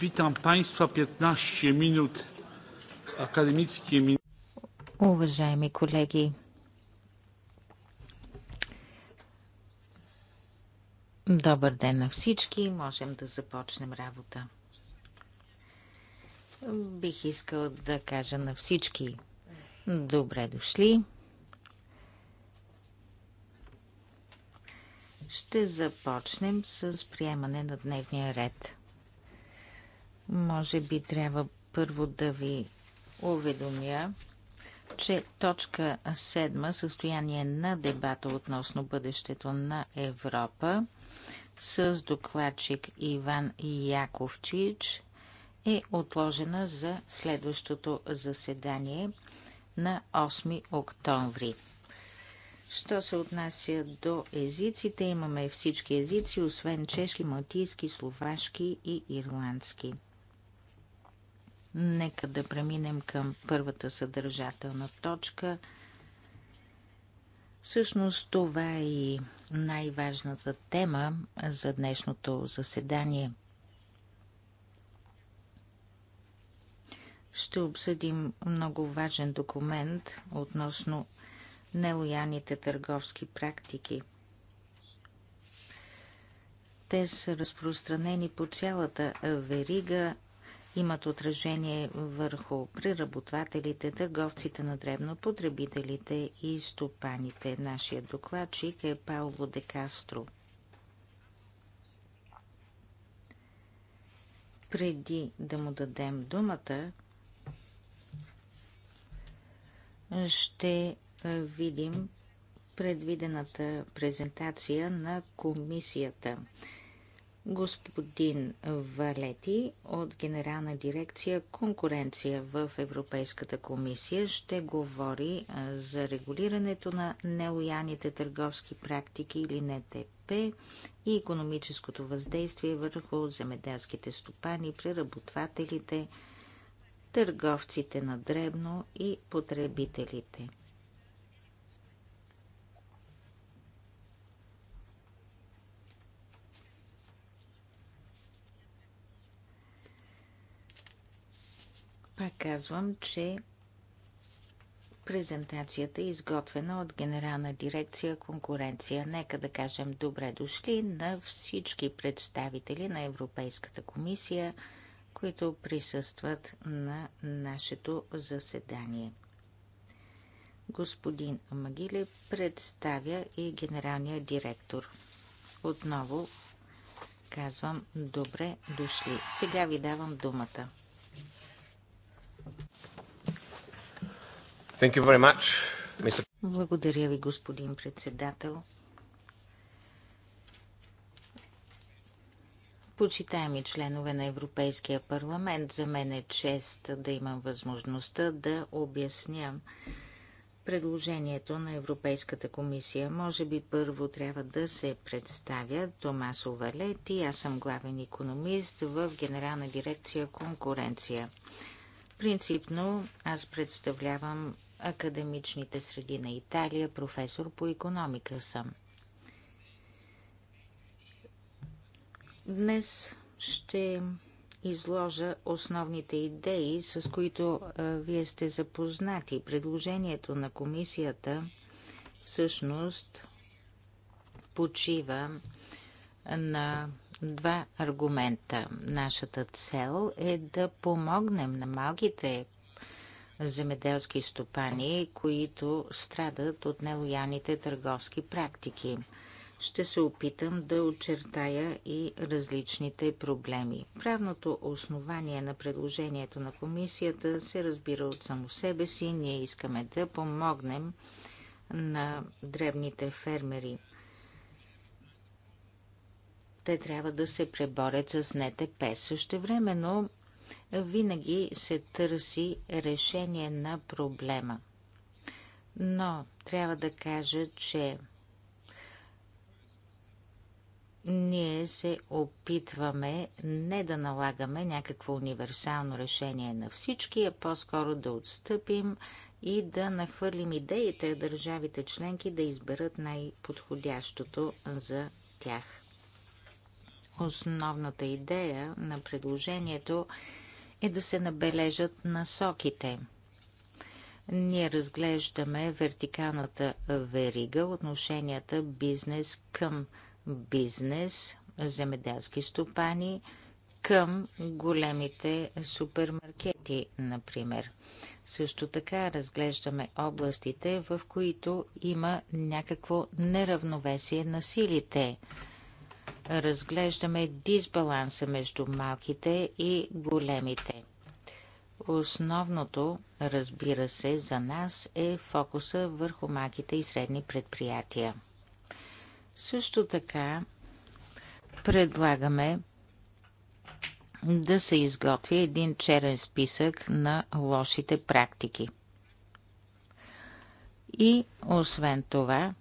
Witam Państwa 15 minut akademickie. Min... Уважаеми колеги, добър ден на всички. Можем да започнем работа. Бих искал да кажа на всички добре дошли. Ще започнем с приемане на дневния ред. Може би трябва първо да ви уведомя, че точка 7 състояние на дебата относно бъдещето на Европа с докладчик Иван Яковчич е отложена за следващото заседание на 8 октомври. Що се отнася до езиците, имаме всички езици, освен чешки, малтийски, словашки и ирландски. Нека да преминем към първата съдържателна точка. Всъщност това е и най-важната тема за днешното заседание. Ще обсъдим много важен документ относно нелояните търговски практики. Те са разпространени по цялата верига имат отражение върху преработвателите, търговците на дребно, потребителите и стопаните. Нашия докладчик е Пауло Де Кастро. Преди да му дадем думата, ще видим предвидената презентация на комисията – господин Валети от Генерална дирекция Конкуренция в Европейската комисия ще говори за регулирането на нелояните търговски практики или НТП и економическото въздействие върху земеделските стопани, преработвателите, търговците на дребно и потребителите. Пак казвам, че презентацията е изготвена от Генерална дирекция конкуренция. Нека да кажем добре дошли на всички представители на Европейската комисия, които присъстват на нашето заседание. Господин Магиле представя и генералния директор. Отново казвам добре дошли. Сега ви давам думата. Thank you very much, Mr. Благодаря ви, господин председател. Почитаеми членове на Европейския парламент, за мен е чест да имам възможността да обясням предложението на Европейската комисия. Може би първо трябва да се представя Томасо Валети. Аз съм главен економист в Генерална дирекция конкуренция. Принципно аз представлявам академичните среди на Италия, професор по економика съм. Днес ще изложа основните идеи, с които вие сте запознати. Предложението на комисията всъщност почива на два аргумента. Нашата цел е да помогнем на малките земеделски стопани, които страдат от нелоялните търговски практики. Ще се опитам да очертая и различните проблеми. Правното основание на предложението на комисията се разбира от само себе си. Ние искаме да помогнем на дребните фермери. Те трябва да се преборят с НТП. също времено винаги се търси решение на проблема. Но трябва да кажа, че ние се опитваме не да налагаме някакво универсално решение на всички, а по-скоро да отстъпим и да нахвърлим идеите държавите членки да изберат най-подходящото за тях. Основната идея на предложението е да се набележат насоките. Ние разглеждаме вертикалната верига, отношенията бизнес към бизнес, земеделски стопани към големите супермаркети, например. Също така разглеждаме областите, в които има някакво неравновесие на силите – разглеждаме дисбаланса между малките и големите. Основното, разбира се, за нас е фокуса върху малките и средни предприятия. Също така предлагаме да се изготви един черен списък на лошите практики. И освен това,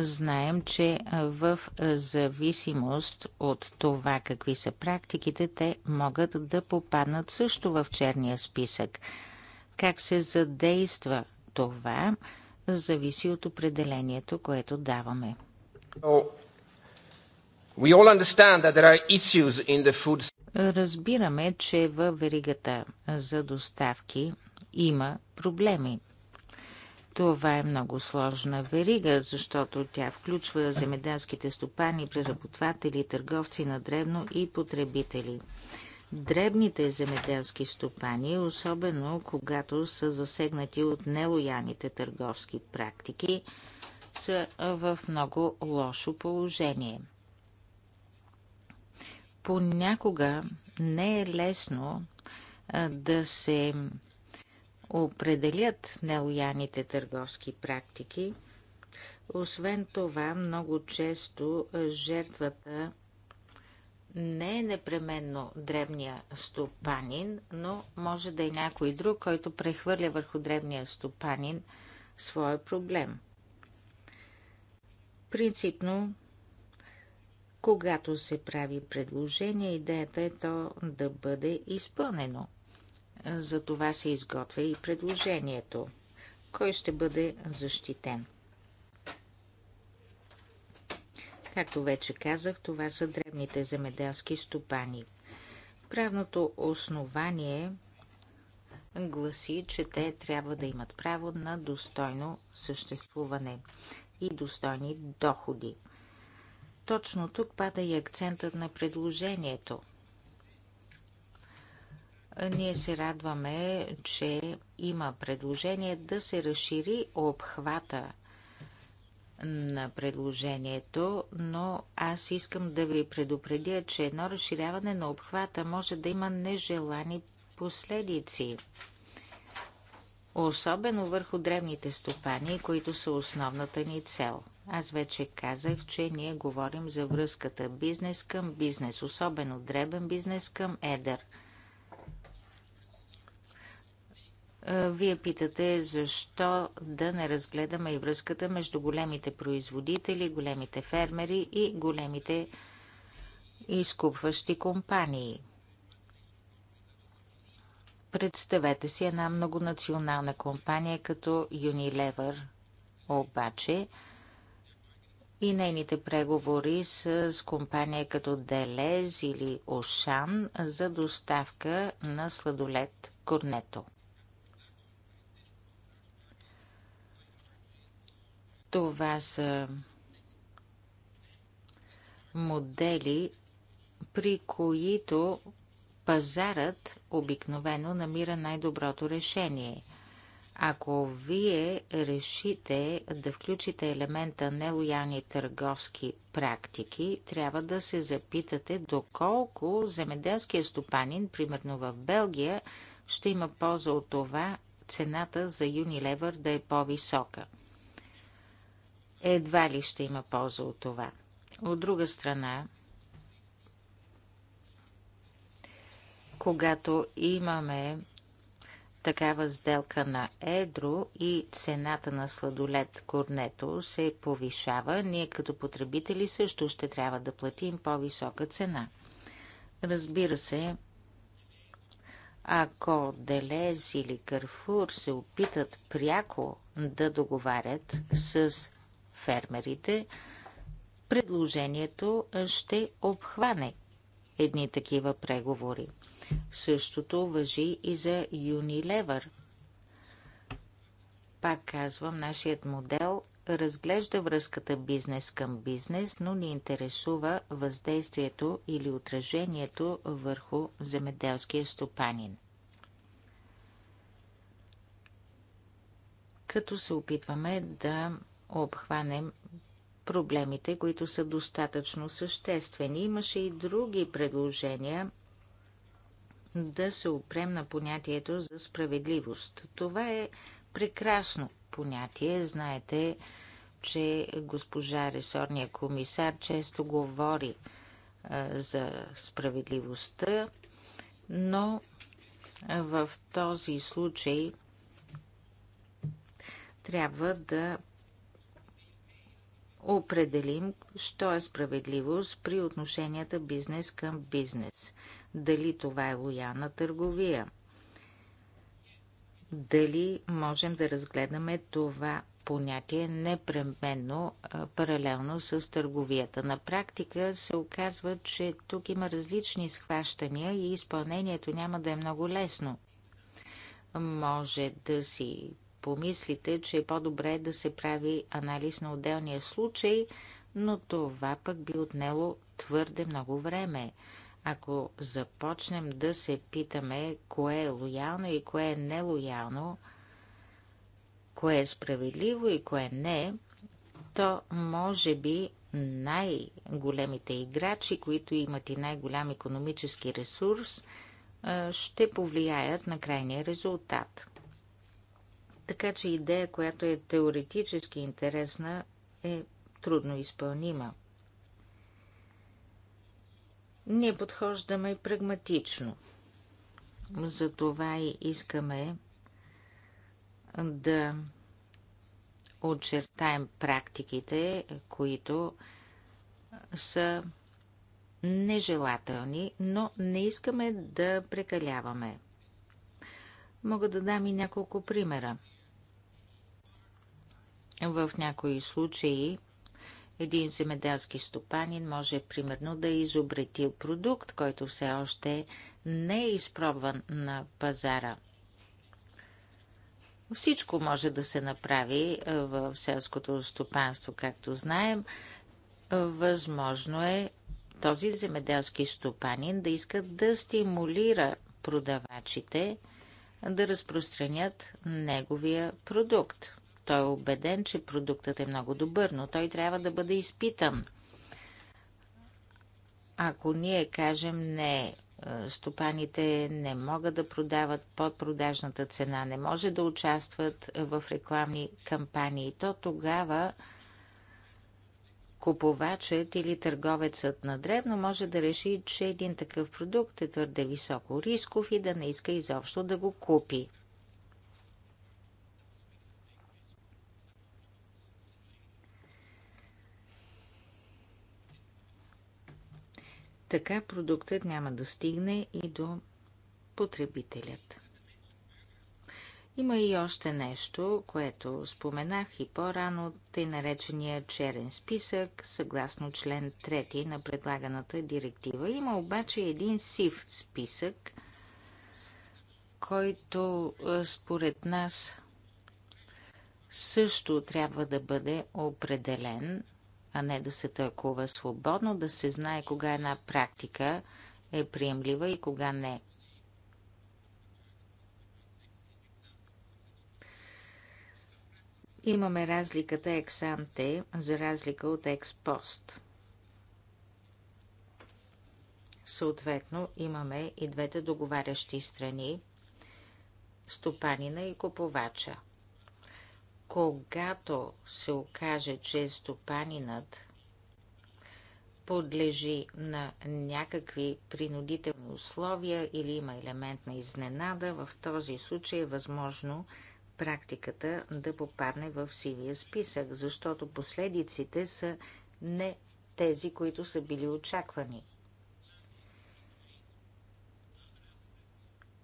знаем, че в зависимост от това какви са практиките, те могат да попаднат също в черния списък. Как се задейства това, зависи от определението, което даваме. Разбираме, че във веригата за доставки има проблеми. Това е много сложна верига, защото тя включва земеделските стопани, преработватели, търговци на дребно и потребители. Дребните земеделски стопани, особено когато са засегнати от нелояните търговски практики, са в много лошо положение. Понякога не е лесно да се определят нелояните търговски практики. Освен това, много често жертвата не е непременно древния стопанин, но може да е някой друг, който прехвърля върху древния стопанин своя проблем. Принципно, когато се прави предложение, идеята е то да бъде изпълнено. За това се изготвя и предложението. Кой ще бъде защитен? Както вече казах, това са древните земеделски стопани. Правното основание гласи, че те трябва да имат право на достойно съществуване и достойни доходи. Точно тук пада и акцентът на предложението – ние се радваме, че има предложение да се разшири обхвата на предложението, но аз искам да ви предупредя, че едно разширяване на обхвата може да има нежелани последици. Особено върху древните стопани, които са основната ни цел. Аз вече казах, че ние говорим за връзката бизнес към бизнес, особено дребен бизнес към едър – Вие питате защо да не разгледаме и връзката между големите производители, големите фермери и големите изкупващи компании. Представете си една многонационална компания като Unilever, обаче и нейните преговори с компания като Делез или Ошан за доставка на сладолет Корнето. Това са модели, при които пазарът обикновено намира най-доброто решение. Ако вие решите да включите елемента нелоялни търговски практики, трябва да се запитате доколко земеделския стопанин, примерно в Белгия, ще има полза от това цената за Unilever да е по-висока едва ли ще има полза от това. От друга страна, когато имаме такава сделка на едро и цената на сладолет корнето се повишава, ние като потребители също ще трябва да платим по-висока цена. Разбира се, ако Делез или Карфур се опитат пряко да договарят с фермерите, предложението ще обхване едни такива преговори. Същото въжи и за Unilever. Пак казвам, нашият модел разглежда връзката бизнес към бизнес, но ни интересува въздействието или отражението върху земеделския стопанин. Като се опитваме да обхванем проблемите, които са достатъчно съществени. Имаше и други предложения да се опрем на понятието за справедливост. Това е прекрасно понятие. Знаете, че госпожа ресорния комисар често говори а, за справедливостта, но в този случай трябва да определим, що е справедливост при отношенията бизнес към бизнес. Дали това е лоялна търговия? Дали можем да разгледаме това понятие непременно паралелно с търговията. На практика се оказва, че тук има различни схващания и изпълнението няма да е много лесно. Може да си помислите, че е по-добре да се прави анализ на отделния случай, но това пък би отнело твърде много време. Ако започнем да се питаме кое е лоялно и кое е нелоялно, кое е справедливо и кое не, то може би най-големите играчи, които имат и най-голям економически ресурс, ще повлияят на крайния резултат. Така че идея, която е теоретически интересна, е трудно изпълнима. Не подхождаме прагматично. Затова и искаме да очертаем практиките, които са нежелателни, но не искаме да прекаляваме. Мога да дам и няколко примера. В някои случаи един земеделски стопанин може примерно да е изобретил продукт, който все още не е изпробван на пазара. Всичко може да се направи в селското стопанство, както знаем. Възможно е този земеделски стопанин да иска да стимулира продавачите да разпространят неговия продукт. Той е убеден, че продуктът е много добър, но той трябва да бъде изпитан. Ако ние кажем не, стопаните не могат да продават под продажната цена, не може да участват в рекламни кампании, то тогава купувачът или търговецът на дребно може да реши, че един такъв продукт е твърде високо рисков и да не иска изобщо да го купи. Така продуктът няма да стигне и до потребителят. Има и още нещо, което споменах и по-рано, тъй наречения черен списък, съгласно член 3 на предлаганата директива. Има обаче един сив списък, който е, според нас също трябва да бъде определен а не да се тълкува свободно, да се знае кога една практика е приемлива и кога не. Имаме разликата ексанте за разлика от експост. Съответно, имаме и двете договарящи страни, стопанина и купувача – когато се окаже, че стопанинът подлежи на някакви принудителни условия или има елемент на изненада, в този случай е възможно практиката да попадне в сивия списък, защото последиците са не тези, които са били очаквани.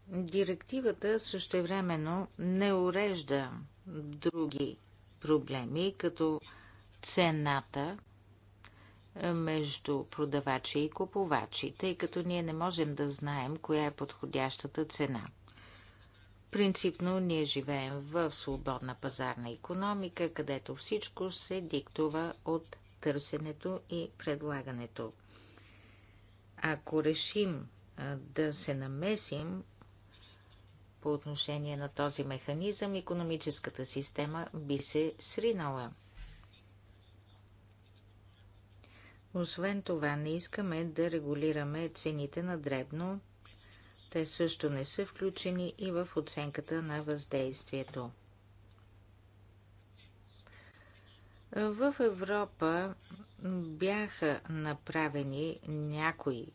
Директивата същевременно не урежда други проблеми, като цената е, между продавачи и купувачи, тъй като ние не можем да знаем коя е подходящата цена. Принципно ние живеем в свободна пазарна економика, където всичко се диктува от търсенето и предлагането. Ако решим да се намесим, по отношение на този механизъм, економическата система би се сринала. Освен това, не искаме да регулираме цените на дребно. Те също не са включени и в оценката на въздействието. В Европа бяха направени някои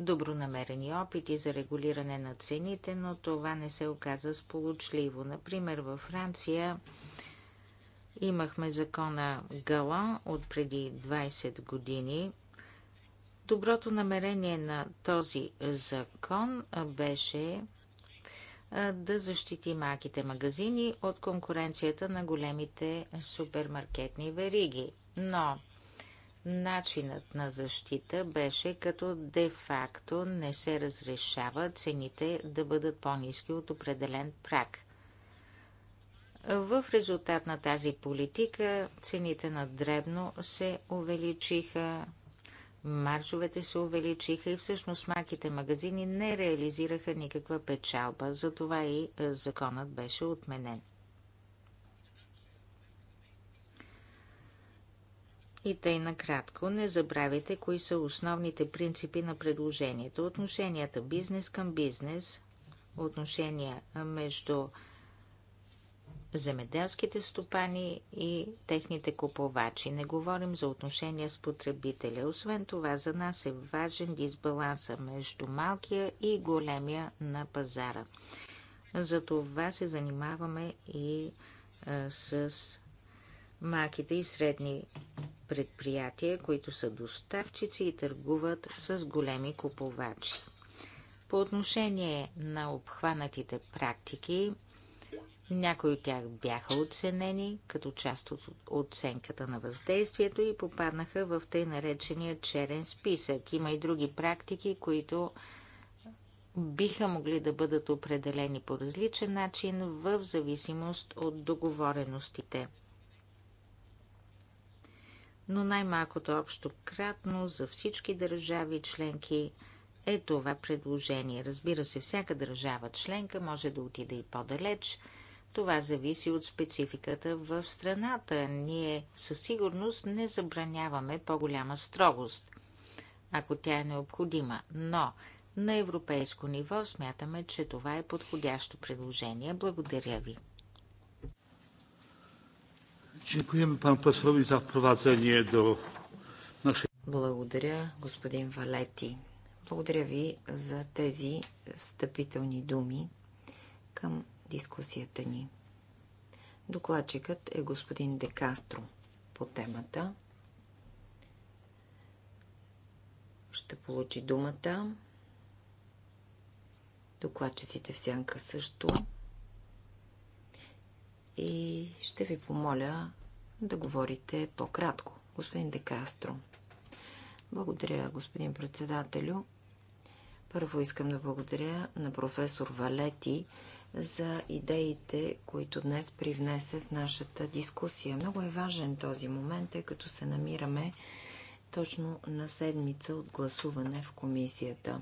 добронамерени опити за регулиране на цените, но това не се оказа сполучливо. Например, във Франция имахме закона Гала от преди 20 години. Доброто намерение на този закон беше да защити малките магазини от конкуренцията на големите супермаркетни вериги. Но Начинът на защита беше като де-факто не се разрешава цените да бъдат по-низки от определен прак. В резултат на тази политика цените на дребно се увеличиха, маржовете се увеличиха и всъщност маките магазини не реализираха никаква печалба. Затова и е, законът беше отменен. И тъй накратко, не забравяйте кои са основните принципи на предложението. Отношенията бизнес към бизнес, отношения между земеделските стопани и техните купувачи. Не говорим за отношения с потребителя. Освен това, за нас е важен дисбаланса между малкия и големия на пазара. За това се занимаваме и с малките и средни предприятия, които са доставчици и търгуват с големи купувачи. По отношение на обхванатите практики, някои от тях бяха оценени като част от оценката на въздействието и попаднаха в тъй наречения черен списък. Има и други практики, които биха могли да бъдат определени по различен начин в зависимост от договореностите но най-малкото общо кратно за всички държави членки е това предложение. Разбира се, всяка държава членка може да отиде и по-далеч. Това зависи от спецификата в страната. Ние със сигурност не забраняваме по-голяма строгост, ако тя е необходима. Но на европейско ниво смятаме, че това е подходящо предложение. Благодаря ви за впровазение до нашия... Благодаря, господин Валети. Благодаря ви за тези встъпителни думи към дискусията ни. Докладчикът е господин Декастро по темата. Ще получи думата. Докладчиците в сянка също и ще ви помоля да говорите по-кратко. Господин Декастро. Благодаря, господин председателю. Първо искам да благодаря на професор Валети за идеите, които днес привнесе в нашата дискусия. Много е важен този момент, тъй като се намираме точно на седмица от гласуване в комисията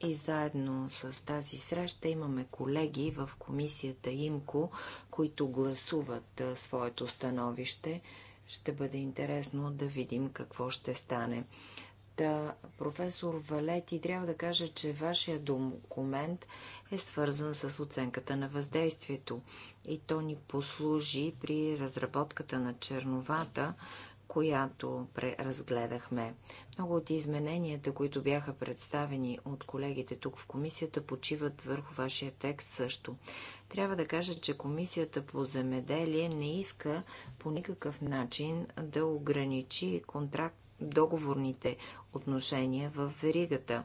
и заедно с тази среща имаме колеги в комисията ИМКО, които гласуват своето становище. Ще бъде интересно да видим какво ще стане. Та, професор Валети, трябва да кажа, че вашия документ е свързан с оценката на въздействието и то ни послужи при разработката на черновата, която преразгледахме. Много от измененията, които бяха представени от колегите тук в комисията, почиват върху вашия текст също. Трябва да кажа, че комисията по земеделие не иска по никакъв начин да ограничи контракт, договорните отношения в веригата.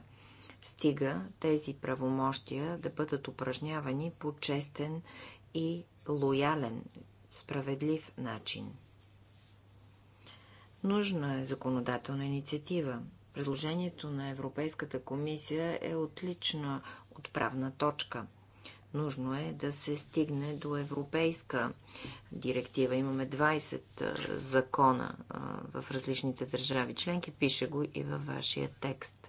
Стига тези правомощия да бъдат упражнявани по честен и лоялен, справедлив начин. Нужна е законодателна инициатива. Предложението на Европейската комисия е отлична отправна точка. Нужно е да се стигне до европейска директива. Имаме 20 закона в различните държави членки. Пише го и във вашия текст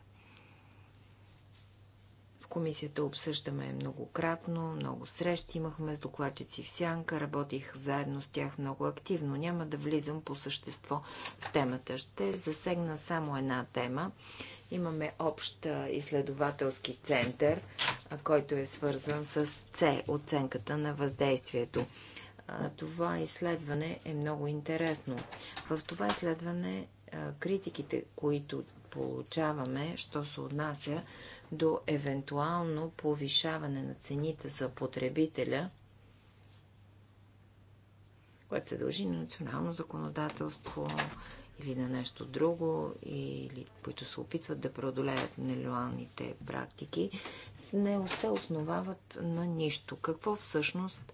комисията обсъждаме многократно, много срещи имахме с докладчици в Сянка, работих заедно с тях много активно. Няма да влизам по същество в темата. Ще засегна само една тема. Имаме общ изследователски център, който е свързан с С, оценката на въздействието. Това изследване е много интересно. В това изследване критиките, които получаваме, що се отнася до евентуално повишаване на цените за потребителя, което се дължи на национално законодателство или на нещо друго, или които се опитват да преодолеят нелюалните практики, не се основават на нищо. Какво всъщност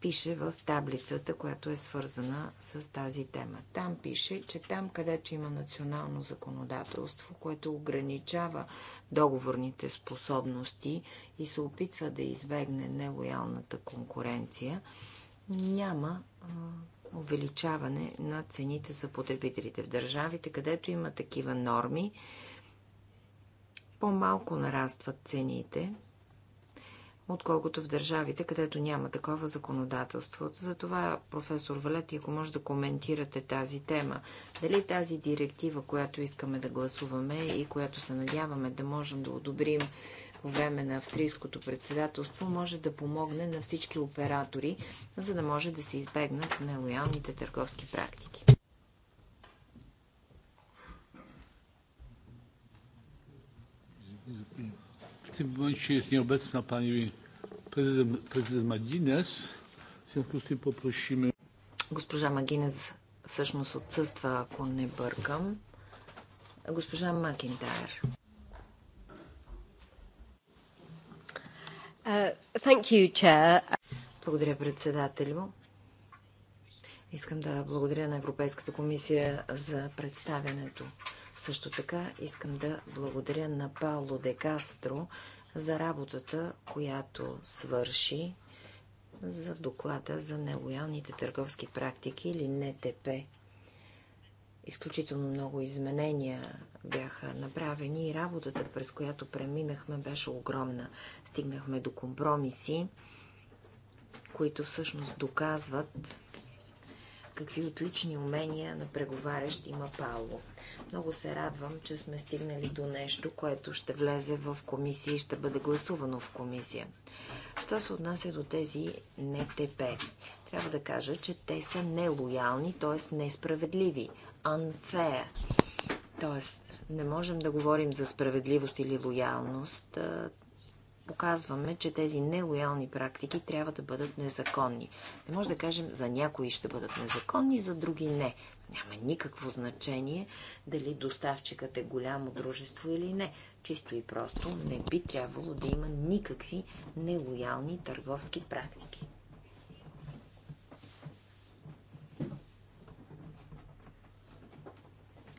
пише в таблицата, която е свързана с тази тема. Там пише, че там, където има национално законодателство, което ограничава договорните способности и се опитва да избегне нелоялната конкуренция, няма увеличаване на цените за потребителите. В държавите, където има такива норми, по-малко нарастват цените – отколкото в държавите, където няма такова законодателство. Затова, професор Валет, ако може да коментирате тази тема, дали тази директива, която искаме да гласуваме и която се надяваме да можем да одобрим по време на австрийското председателство, може да помогне на всички оператори, за да може да се избегнат нелоялните търговски практики. W tym momencie jest nieobecna pani prezydent, prezydent Magines. W Госпожа Магинес всъщност отсъства, ако не бъркам. Госпожа Макинтайр. Uh, you, благодаря, председателю. Искам да благодаря на Европейската комисия за представянето. Също така искам да благодаря на Пауло Декастро. Кастро за работата, която свърши за доклада за нелоялните търговски практики или НТП. Изключително много изменения бяха направени и работата, през която преминахме, беше огромна. Стигнахме до компромиси, които всъщност доказват какви отлични умения на преговарящ има Пауло. Много се радвам, че сме стигнали до нещо, което ще влезе в комисия и ще бъде гласувано в комисия. Що се отнася до тези НТП? Трябва да кажа, че те са нелоялни, т.е. несправедливи. Unfair. Т.е. не можем да говорим за справедливост или лоялност показваме, че тези нелоялни практики трябва да бъдат незаконни. Не може да кажем, за някои ще бъдат незаконни, за други не. Няма никакво значение дали доставчикът е голямо дружество или не. Чисто и просто не би трябвало да има никакви нелоялни търговски практики.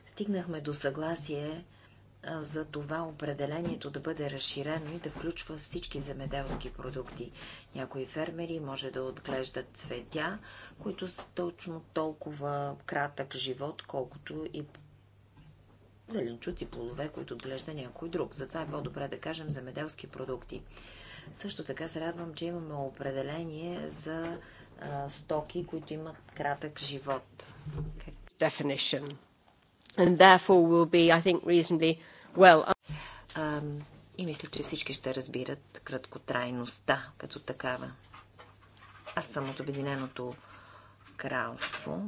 Стигнахме до съгласие за това определението да бъде разширено и да включва всички земеделски продукти. Някои фермери може да отглеждат цветя, които са точно толкова кратък живот, колкото и зеленчуци, нали, плодове, които отглежда някой друг. Затова е по-добре да кажем земеделски продукти. Също така се радвам, че имаме определение за а, стоки, които имат кратък живот. Definition and therefore will be, I think, reasonably Well, um... И мисля, че всички ще разбират краткотрайността като такава. Аз съм от Обединеното кралство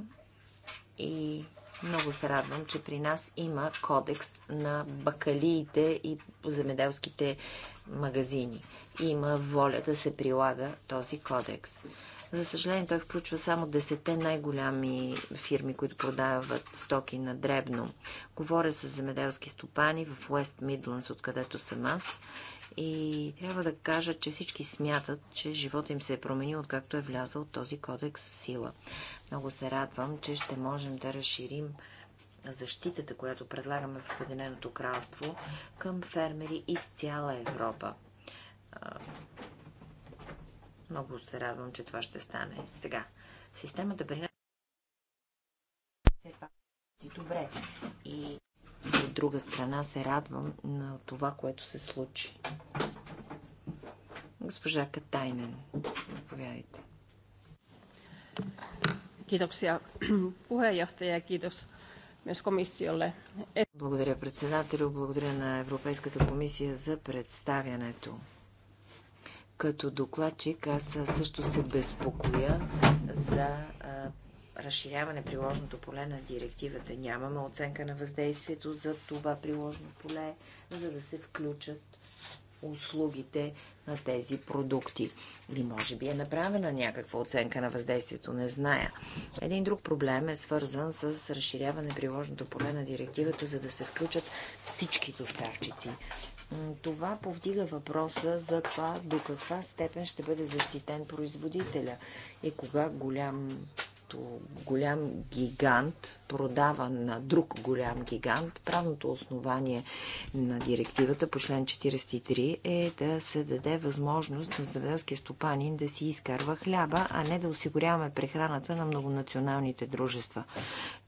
и много се радвам, че при нас има кодекс на бакалиите и земеделските магазини. Има воля да се прилага този кодекс. За съжаление, той включва само 10 най-голями фирми, които продават стоки на дребно. Говоря с земеделски стопани в Уест Мидландс, откъдето съм аз. И трябва да кажа, че всички смятат, че живота им се е променил, откакто е влязал този кодекс в сила. Много се радвам, че ще можем да разширим защитата, която предлагаме в Обединеното кралство към фермери из цяла Европа. Много се радвам, че това ще стане. Сега, системата при нас все пак и добре. И от друга страна се радвам на това, което се случи. Госпожа Катайнен, заповядайте. Kiitoksia puheenjohtaja ja kiitos myös komissiolle. Благодаря председателю, благодаря на Европейската комисия за представянето. Като докладчик аз също се безпокоя за а, разширяване приложното поле на директивата. Нямаме оценка на въздействието за това приложно поле, за да се включат услугите на тези продукти. Или може би е направена някаква оценка на въздействието, не зная. Един друг проблем е свързан с разширяване приложното поле на директивата, за да се включат всички доставчици това повдига въпроса за това до каква степен ще бъде защитен производителя и кога голям като голям гигант продава на друг голям гигант, правното основание на директивата по член 43 е да се даде възможност на земеделския стопанин да си изкарва хляба, а не да осигуряваме прехраната на многонационалните дружества.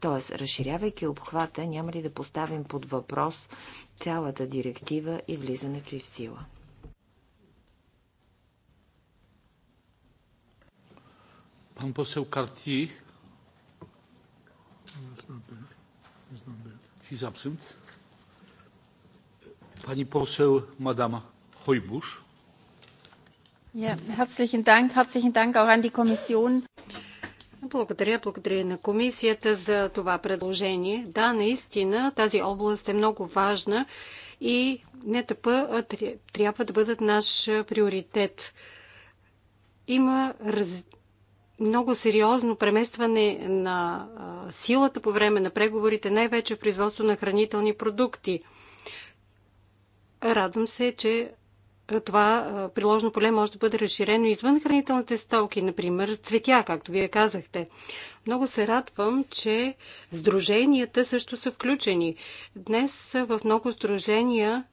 Тоест, разширявайки обхвата, няма ли да поставим под въпрос цялата директива и влизането и в сила? Pan poseł Cartier. He's absent. Pani poseł, Ja, herzlichen Dank, herzlichen Dank auch an die Kommission. Благодаря, благодаря на комисията за това предложение. Да, наистина тази област е много важна и НТП трябва да бъдат наш приоритет. Има раз много сериозно преместване на силата по време на преговорите, най-вече в производство на хранителни продукти. Радвам се, че това приложно поле може да бъде разширено извън хранителните стоки, например цветя, както вие казахте. Много се радвам, че сдруженията също са включени. Днес в много сдружения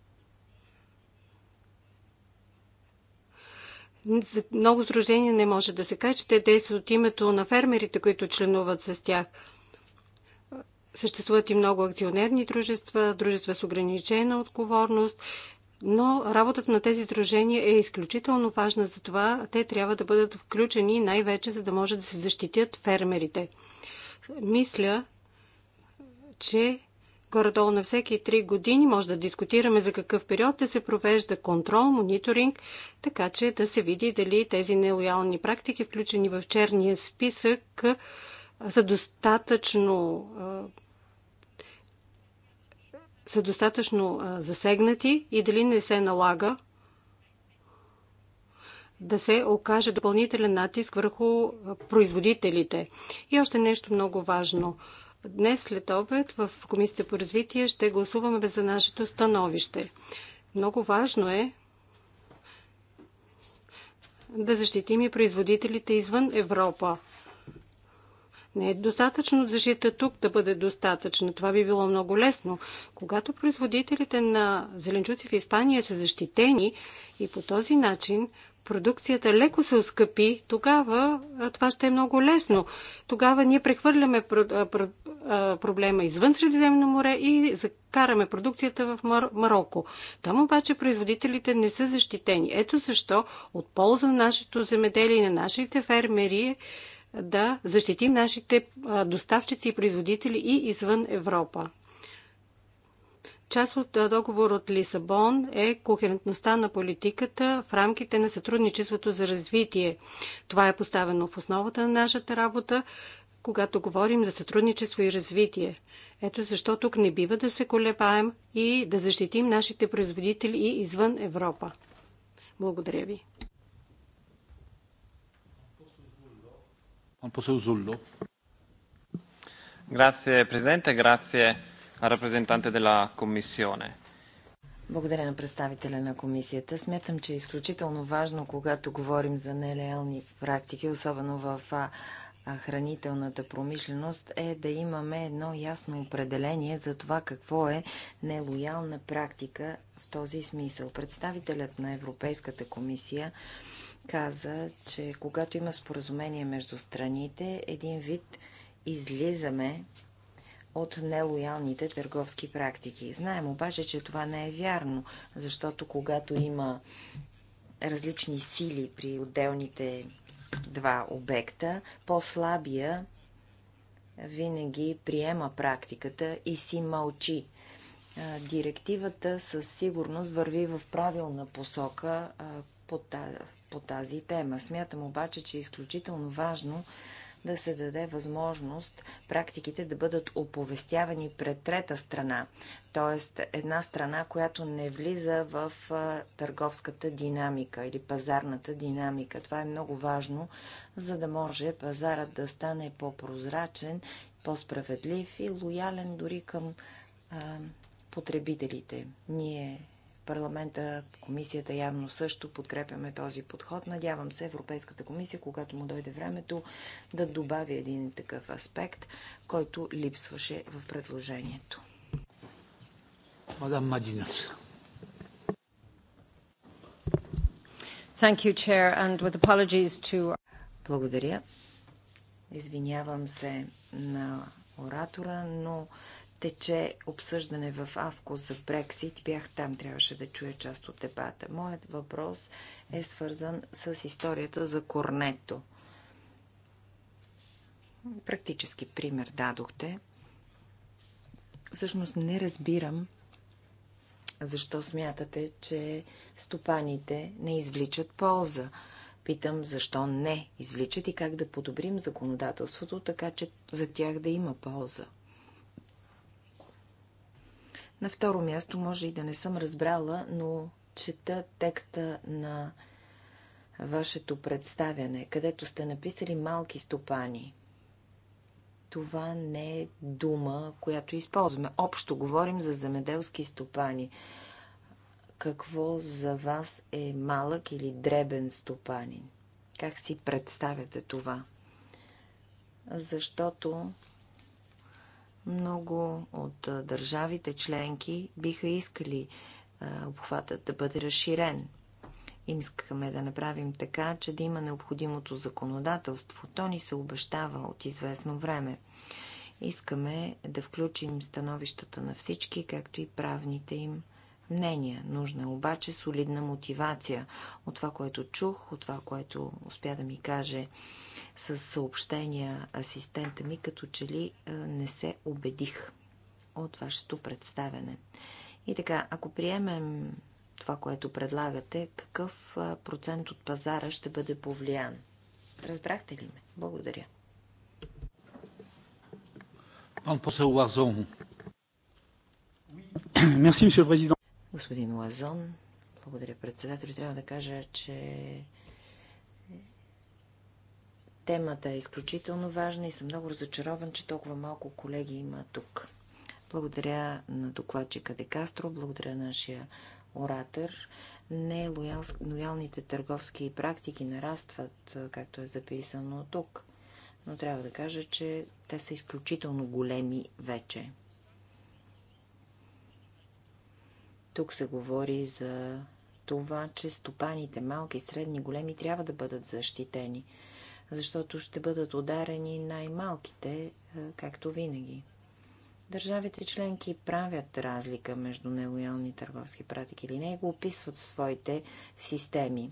За много сдружения не може да се каже, че те действат от името на фермерите, които членуват с тях. Съществуват и много акционерни дружества, дружества с ограничена отговорност, но работата на тези сдружения е изключително важна, затова те трябва да бъдат включени най-вече, за да може да се защитят фермерите. Мисля, че горе-долу на всеки 3 години може да дискутираме за какъв период да се провежда контрол, мониторинг, така че да се види дали тези нелоялни практики, включени в черния списък, са достатъчно са достатъчно засегнати и дали не се налага да се окаже допълнителен натиск върху производителите. И още нещо много важно – Днес след обед в Комисията по развитие ще гласуваме за нашето становище. Много важно е да защитим и производителите извън Европа. Не е достатъчно защита тук да бъде достатъчно. Това би било много лесно. Когато производителите на зеленчуци в Испания са защитени и по този начин продукцията леко се оскъпи, тогава това ще е много лесно. Тогава ние прехвърляме проблема извън Средиземно море и закараме продукцията в Мар- Марокко. Там обаче производителите не са защитени. Ето защо от полза на нашето земеделие и на нашите фермери е, да защитим нашите доставчици и производители и извън Европа. Част от договор от Лисабон е кохерентността на политиката в рамките на сътрудничеството за развитие. Това е поставено в основата на нашата работа, когато говорим за сътрудничество и развитие. Ето защо тук не бива да се колебаем и да защитим нашите производители и извън Европа. Благодаря ви. Grazie Presidente, grazie репрезентанте на комисионе. Благодаря на представителя на комисията. Смятам, че е изключително важно, когато говорим за нелеални практики, особено в хранителната промишленост, е да имаме едно ясно определение за това какво е нелоялна практика в този смисъл. Представителят на Европейската комисия каза, че когато има споразумение между страните, един вид излизаме от нелоялните търговски практики. Знаем обаче, че това не е вярно, защото когато има различни сили при отделните два обекта, по-слабия винаги приема практиката и си мълчи. Директивата със сигурност върви в правилна посока по тази тема. Смятам обаче, че е изключително важно да се даде възможност практиките да бъдат оповестявани пред трета страна, т.е. една страна, която не влиза в търговската динамика или пазарната динамика. Това е много важно, за да може пазарът да стане по-прозрачен, по-справедлив и лоялен дори към а, потребителите. Ние Парламента, комисията явно също подкрепяме този подход. Надявам се Европейската комисия, когато му дойде времето, да добави един такъв аспект, който липсваше в предложението. Мадам Мадинас. Thank you, Chair, and with apologies to... Благодаря. Извинявам се на оратора, но тече обсъждане в АВКО за Брексит. Бях там, трябваше да чуя част от дебата. Моят въпрос е свързан с историята за Корнето. Практически пример дадохте. Всъщност не разбирам защо смятате, че стопаните не извличат полза. Питам защо не извличат и как да подобрим законодателството, така че за тях да има полза. На второ място, може и да не съм разбрала, но чета текста на вашето представяне, където сте написали малки стопани. Това не е дума, която използваме. Общо говорим за земеделски стопани. Какво за вас е малък или дребен стопанин? Как си представяте това? Защото много от държавите членки биха искали обхватът да бъде разширен. Им искаме да направим така, че да има необходимото законодателство. То ни се обещава от известно време. Искаме да включим становищата на всички, както и правните им мнения. Нужна е обаче солидна мотивация от това, което чух, от това, което успя да ми каже с съобщения асистента ми, като че ли не се убедих от вашето представяне. И така, ако приемем това, което предлагате, какъв процент от пазара ще бъде повлиян? Разбрахте ли ме? Благодаря. господин Лазон. Благодаря, председател. Трябва да кажа, че Темата е изключително важна и съм много разочарован, че толкова малко колеги има тук. Благодаря на докладчика Декастро, благодаря на нашия оратор. Не, лоялните търговски практики нарастват, както е записано тук, но трябва да кажа, че те са изключително големи вече. Тук се говори за това, че стопаните, малки, средни, големи, трябва да бъдат защитени – защото ще бъдат ударени най-малките, е, както винаги. Държавите членки правят разлика между нелоялни търговски практики или не и го описват в своите системи.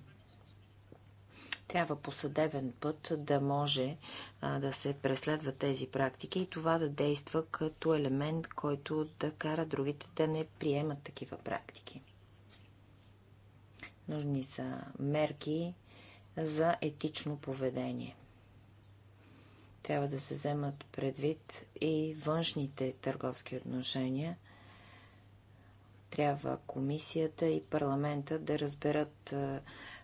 Трябва по съдебен път да може а, да се преследват тези практики и това да действа като елемент, който да кара другите да не приемат такива практики. Нужни са мерки за етично поведение трябва да се вземат предвид и външните търговски отношения. Трябва комисията и парламента да разберат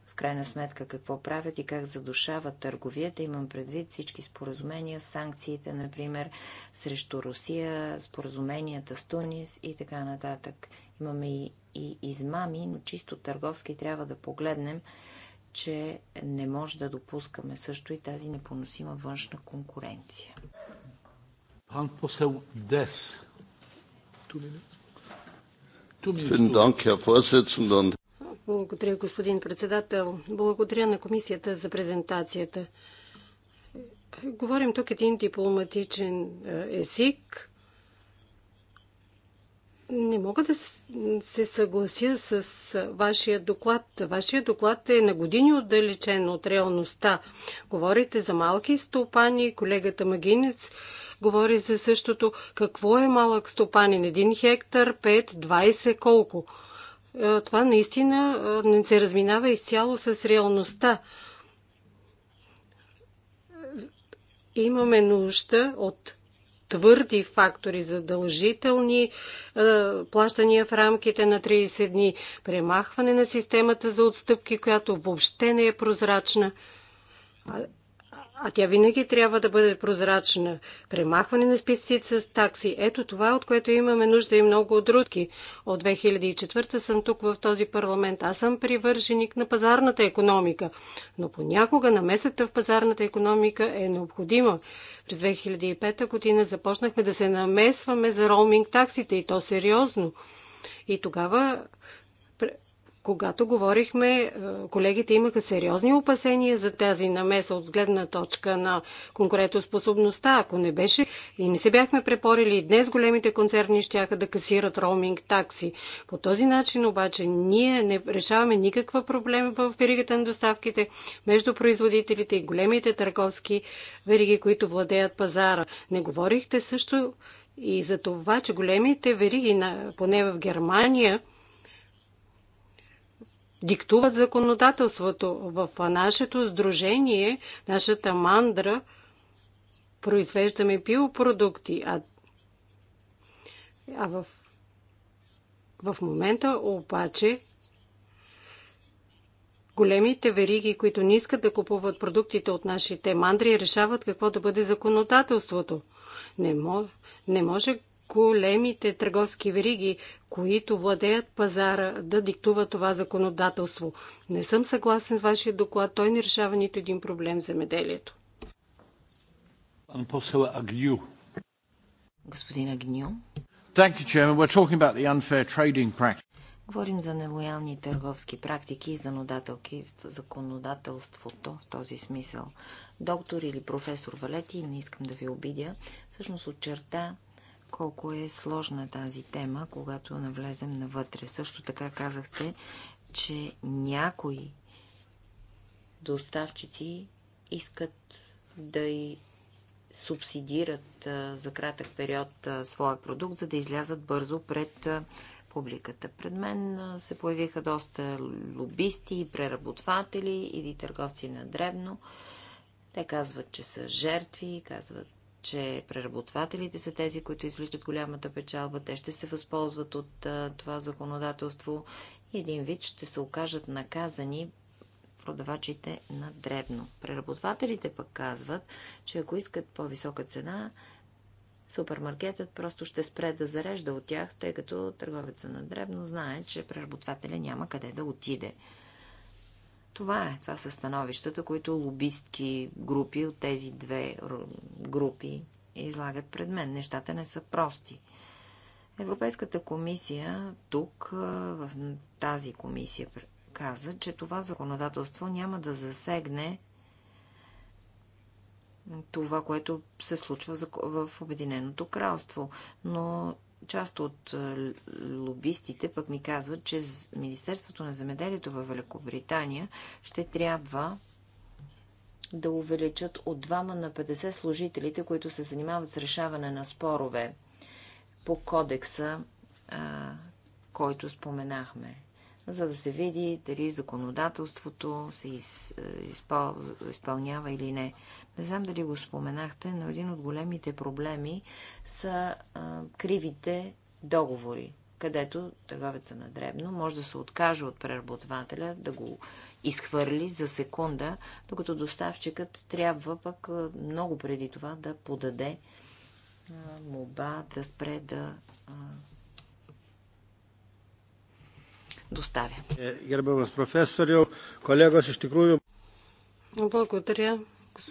в крайна сметка какво правят и как задушават търговията. Имам предвид всички споразумения, санкциите, например, срещу Русия, споразуменията с Тунис и така нататък. Имаме и, и измами, но чисто търговски трябва да погледнем че не може да допускаме също и тази непоносима външна конкуренция. Пан посел Дес. Благодаря, господин председател. Благодаря на комисията за презентацията. Говорим тук един дипломатичен е, език не мога да се съглася с вашия доклад. Вашия доклад е на години отдалечен от реалността. Говорите за малки стопани, колегата Магинец говори за същото. Какво е малък стопанин? Един хектар, 5, 20, колко? Това наистина не се разминава изцяло с реалността. Имаме нужда от твърди фактори, задължителни е, плащания в рамките на 30 дни, премахване на системата за отстъпки, която въобще не е прозрачна а тя винаги трябва да бъде прозрачна. Премахване на списъците с такси. Ето това, от което имаме нужда и много други. От 2004 съм тук в този парламент. Аз съм привърженик на пазарната економика. Но понякога намесата в пазарната економика е необходима. През 2005 година започнахме да се намесваме за роуминг таксите и то сериозно. И тогава когато говорихме, е, колегите имаха сериозни опасения за тази намеса от гледна точка на конкурентоспособността. Ако не беше и не се бяхме препорили, и днес големите концерни щяха да касират роуминг такси. По този начин обаче ние не решаваме никаква проблем в веригата на доставките между производителите и големите търговски вериги, които владеят пазара. Не говорихте също и за това, че големите вериги, поне в Германия, диктуват законодателството. В нашето сдружение, нашата мандра, произвеждаме биопродукти, а, а в, в момента обаче големите вериги, които не искат да купуват продуктите от нашите мандри, решават какво да бъде законодателството. Не, мож, не може големите търговски вериги, които владеят пазара, да диктува това законодателство. Не съм съгласен с вашия доклад. Той не решава нито един проблем в земеделието. Господин Агню. Говорим за нелоялни търговски практики и законодателството в този смисъл. Доктор или професор Валети, не искам да ви обидя, всъщност очерта колко е сложна тази тема, когато навлезем навътре. Също така казахте, че някои доставчици искат да и субсидират за кратък период своя продукт, за да излязат бързо пред публиката. Пред мен се появиха доста лобисти, преработватели или търговци на дребно. Те казват, че са жертви, казват, че преработвателите са тези, които извличат голямата печалба, те ще се възползват от а, това законодателство и един вид ще се окажат наказани продавачите на дребно. Преработвателите пък казват, че ако искат по-висока цена, супермаркетът просто ще спре да зарежда от тях, тъй като търговеца на дребно знае, че преработвателя няма къде да отиде. Това е. Това са становищата, които лобистки групи от тези две групи излагат пред мен. Нещата не са прости. Европейската комисия тук, в тази комисия, каза, че това законодателство няма да засегне това, което се случва в Обединеното кралство. Но част от е, лобистите пък ми казват, че Министерството на земеделието в Великобритания ще трябва да увеличат от двама на 50 служителите, които се занимават с решаване на спорове по кодекса, а, е, който споменахме за да се види дали законодателството се из, е, изпъл, изпълнява или не. Не знам дали го споменахте, но един от големите проблеми са а, кривите договори, където търговеца на дребно може да се откаже от преработвателя, да го изхвърли за секунда, докато доставчикът трябва пък много преди това да подаде моба да спре да доставя. Благодаря,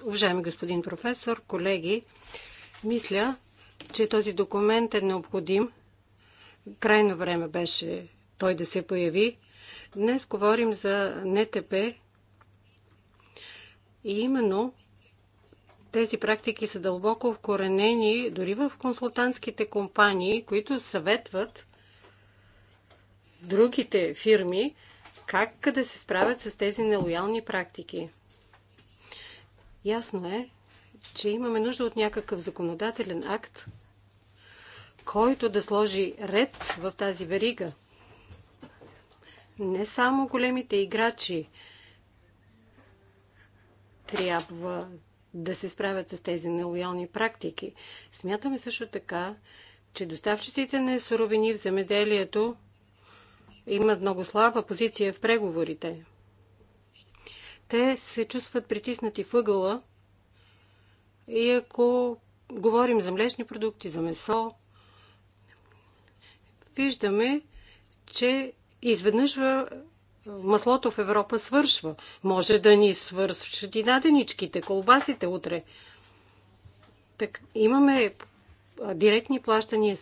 уважаеми господин професор, колеги. Мисля, че този документ е необходим. Крайно време беше той да се появи. Днес говорим за НТП и именно тези практики са дълбоко вкоренени дори в консултантските компании, които съветват другите фирми как да се справят с тези нелоялни практики. Ясно е, че имаме нужда от някакъв законодателен акт, който да сложи ред в тази верига. Не само големите играчи трябва да се справят с тези нелоялни практики. Смятаме също така, че доставчиците на суровини в земеделието имат много слаба позиция в преговорите. Те се чувстват притиснати въгъла и ако говорим за млечни продукти, за месо, виждаме, че изведнъж маслото в Европа свършва. Може да ни свършат и наденичките, колбасите утре. Так, имаме директни плащания,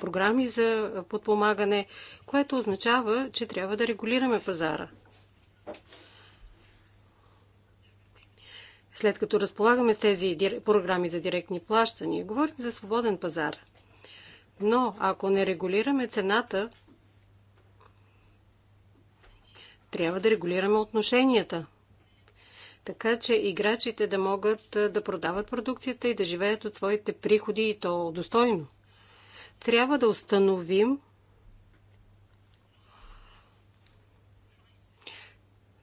програми за подпомагане, което означава, че трябва да регулираме пазара. След като разполагаме с тези програми за директни плащания, говорим за свободен пазар. Но ако не регулираме цената, трябва да регулираме отношенията – така че играчите да могат да продават продукцията и да живеят от своите приходи и то достойно. Трябва да установим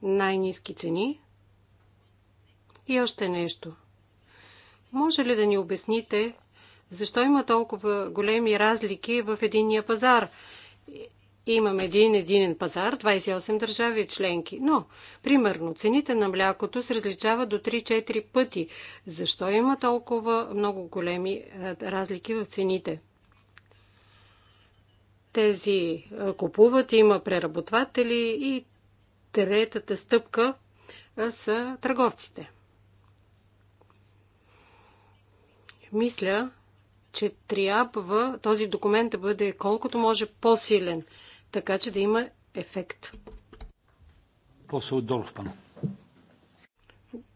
най-низки цени. И още нещо. Може ли да ни обясните защо има толкова големи разлики в единния пазар? Имаме един единен пазар, 28 държави членки. Но, примерно, цените на млякото се различават до 3-4 пъти. Защо има толкова много големи е, разлики в цените? Тези е, купуват, има преработватели и третата стъпка е, са търговците. Мисля, че трябва този документ да бъде колкото може по-силен така че да има ефект. от Долфман.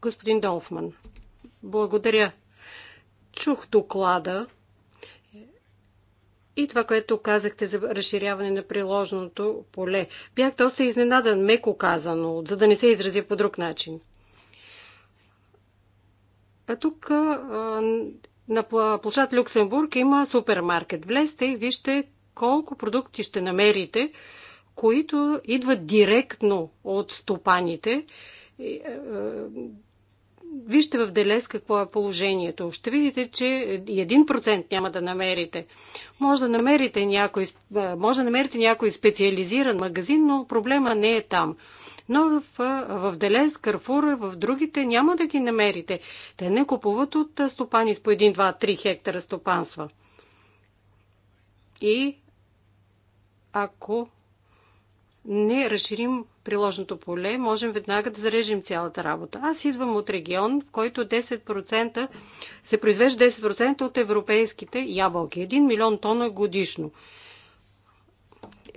Господин Долфман, благодаря. Чух доклада и това, което казахте за разширяване на приложеното поле. Бях доста изненадан, меко казано, за да не се изразя по друг начин. А тук на площад Люксембург има супермаркет. Влезте и вижте колко продукти ще намерите, които идват директно от стопаните. Е, е, вижте в Делес какво е положението. Ще видите, че и 1% няма да намерите. Може да намерите, някой, е, може да намерите някой специализиран магазин, но проблема не е там. Но в, в Делес, Карфур, в другите няма да ги намерите. Те не купуват от стопани с по 1, 2, 3 хектара стопанства. И ако не разширим приложното поле, можем веднага да зарежем цялата работа. Аз идвам от регион, в който 10% се произвежда 10% от европейските ябълки. 1 милион тона годишно.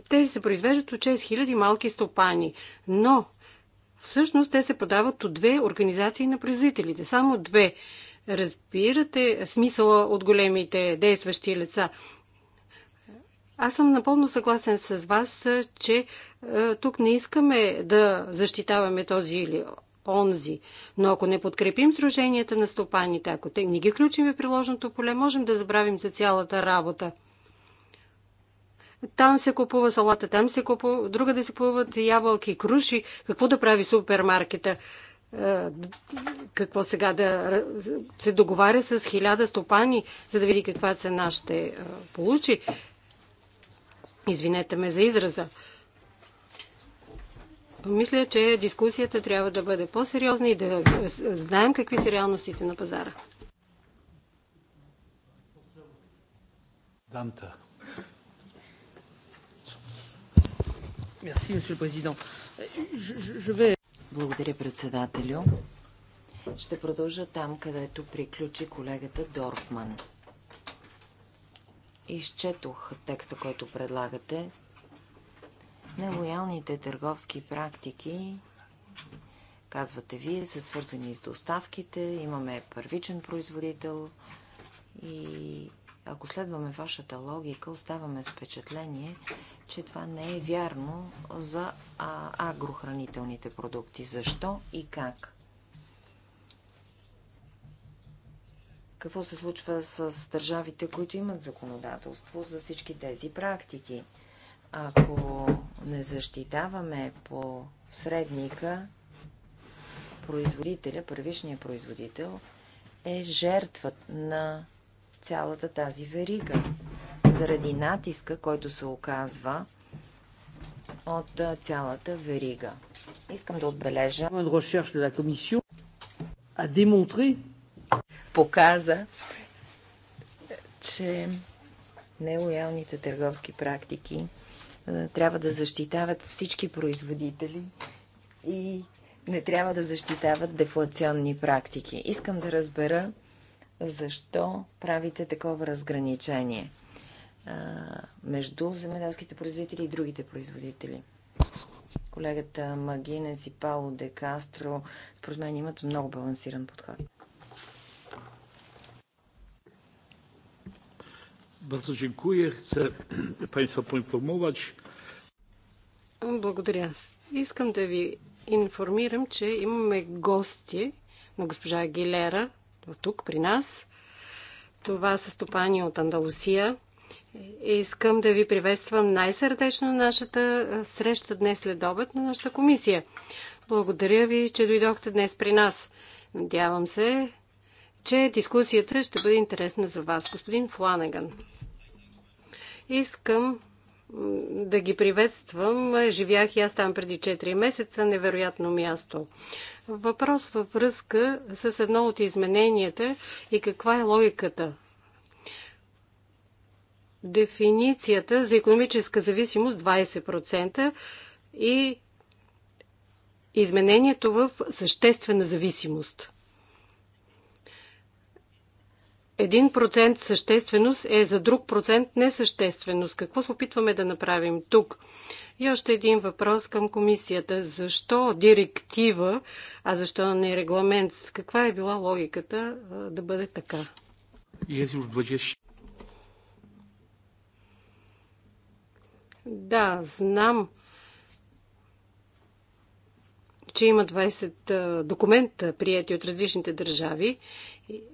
Тези се произвеждат от 6000 малки стопани. Но всъщност те се подават от две организации на производителите. Само две. Разбирате смисъла от големите действащи лица. Аз съм напълно съгласен с вас, че е, тук не искаме да защитаваме този или онзи. Но ако не подкрепим сдруженията на стопаните, ако те не ги включим в приложното поле, можем да забравим за цялата работа. Там се купува салата, там се купува, друга да се купуват ябълки, круши. Какво да прави супермаркета? Е, какво сега да е, се договаря с хиляда стопани, за да види каква цена ще получи? Извинете ме за израза. Мисля, че дискусията трябва да бъде по-сериозна и да знаем какви са реалностите на пазара. Данта. Благодаря, председателю. Ще продължа там, където приключи колегата Дорфман изчетох текста, който предлагате. Нелоялните търговски практики, казвате вие, са свързани с доставките, имаме първичен производител и ако следваме вашата логика, оставаме с впечатление, че това не е вярно за агрохранителните продукти. Защо и как? Какво се случва с държавите, които имат законодателство за всички тези практики? Ако не защитаваме по средника, производителя, първишният производител, е жертват на цялата тази верига. Заради натиска, който се оказва от цялата верига. Искам да отбележа показа, че нелоялните търговски практики е, трябва да защитават всички производители и не трябва да защитават дефлационни практики. Искам да разбера защо правите такова разграничение е, между земеделските производители и другите производители. Колегата Магинес и Пауло Де Кастро, според мен, имат много балансиран подход. Благодаря. Искам да ви информирам, че имаме гости на госпожа Гилера тук при нас. Това са стопани от Андалусия. Искам да ви приветствам най-сърдечно на нашата среща днес след обед на нашата комисия. Благодаря ви, че дойдохте днес при нас. Надявам се, че дискусията ще бъде интересна за вас, господин Фланеган. Искам да ги приветствам. Живях и аз там преди 4 месеца. Невероятно място. Въпрос във връзка с едно от измененията и каква е логиката дефиницията за економическа зависимост 20% и изменението в съществена зависимост един процент същественост е за друг процент несъщественост. Какво се опитваме да направим тук? И още един въпрос към комисията. Защо директива, а защо не регламент? Каква е била логиката да бъде така? Да, знам че има 20 документа, прияти от различните държави.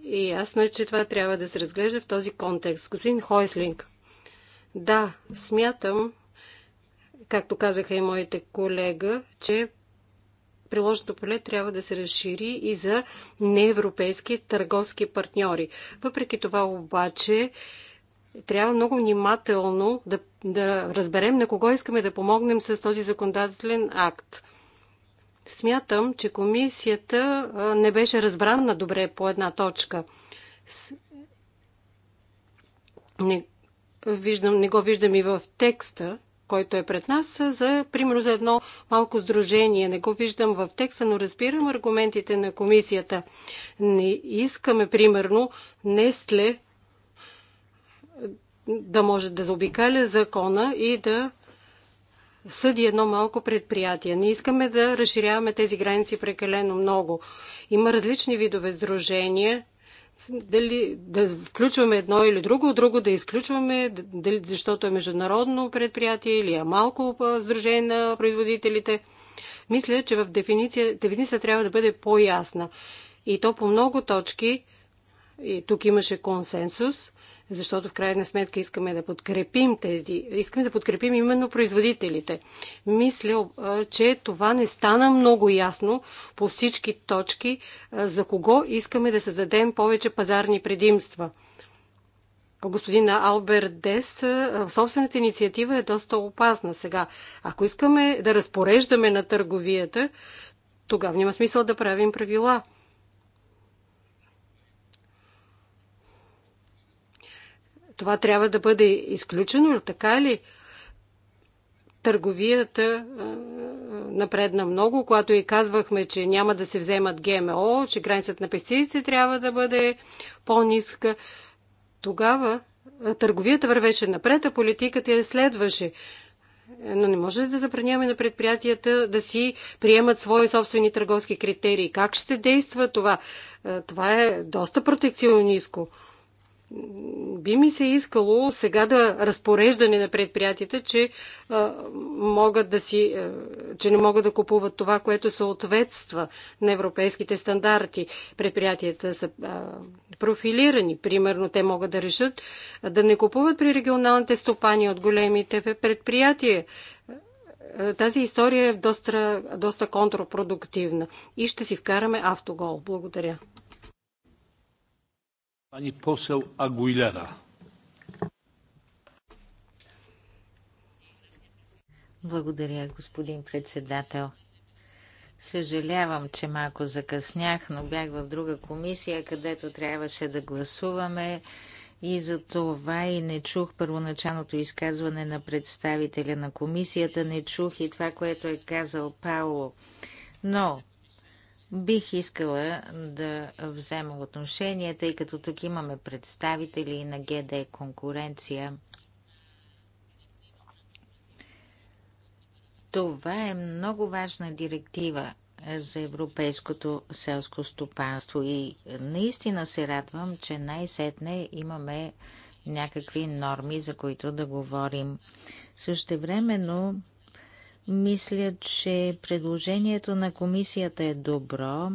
И ясно е, че това трябва да се разглежда в този контекст. Господин Хойслинг, да, смятам, както казаха и моите колега, че приложното поле трябва да се разшири и за неевропейски търговски партньори. Въпреки това обаче трябва много внимателно да, да разберем на кого искаме да помогнем с този законодателен акт – Смятам, че комисията не беше разбрана добре по една точка. Не, виждам, не го виждам и в текста, който е пред нас, за, примерно за едно малко сдружение. Не го виждам в текста, но разбирам аргументите на комисията. Не искаме, примерно, Нестле да може да заобикаля закона и да съди едно малко предприятие. Не искаме да разширяваме тези граници прекалено много. Има различни видове сдружения. Дали да включваме едно или друго, друго да изключваме, дали, защото е международно предприятие или е малко сдружение на производителите. Мисля, че в дефиниция, дефиниция трябва да бъде по-ясна. И то по много точки. И тук имаше консенсус защото в крайна сметка искаме да подкрепим тези, искаме да подкрепим именно производителите. Мисля, че това не стана много ясно по всички точки, за кого искаме да създадем повече пазарни предимства. Господин Алберт Дест, собствената инициатива е доста опасна сега. Ако искаме да разпореждаме на търговията, тогава няма смисъл да правим правила – това трябва да бъде изключено, така ли? Търговията напредна много, когато и казвахме, че няма да се вземат ГМО, че границата на пестициите трябва да бъде по-ниска. Тогава търговията вървеше напред, а политиката я следваше. Но не може да забраняваме на предприятията да си приемат свои собствени търговски критерии. Как ще действа това? Това е доста протекционистко би ми се искало сега да разпореждане на предприятията, че, а, могат да си, а, че не могат да купуват това, което съответства на европейските стандарти. Предприятията са а, профилирани. Примерно, те могат да решат да не купуват при регионалните стопани от големите предприятия. Тази история е доста, доста контрпродуктивна и ще си вкараме автогол. Благодаря. Pani poseł Aguilera. Благодаря, господин председател. Съжалявам, че малко закъснях, но бях в друга комисия, където трябваше да гласуваме и за това и не чух първоначалното изказване на представителя на комисията, не чух и това, което е казал Пауло. Но Бих искала да взема отношение, тъй като тук имаме представители на ГД конкуренция. Това е много важна директива за европейското селско стопанство и наистина се радвам, че най-сетне имаме някакви норми, за които да говорим. Също времено мисля, че предложението на комисията е добро,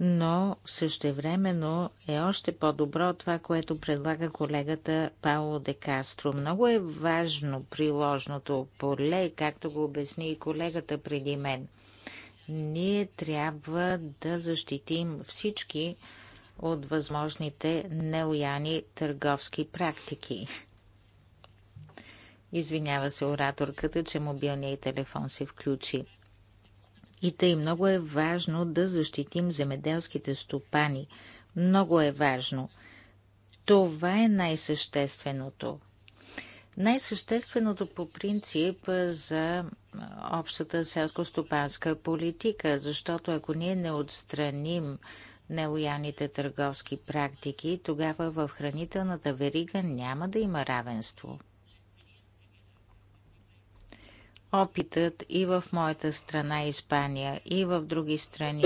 но същевременно е още по-добро това, което предлага колегата Пауло де Кастро. Много е важно приложното поле, както го обясни и колегата преди мен. Ние трябва да защитим всички от възможните нелояни търговски практики. Извинява се ораторката, че мобилният телефон се включи. И тъй много е важно да защитим земеделските стопани. Много е важно. Това е най-същественото. Най-същественото по принцип за общата селско-стопанска политика, защото ако ние не отстраним нелоялните търговски практики, тогава в хранителната верига няма да има равенство. Опитът и в моята страна Испания, и в други страни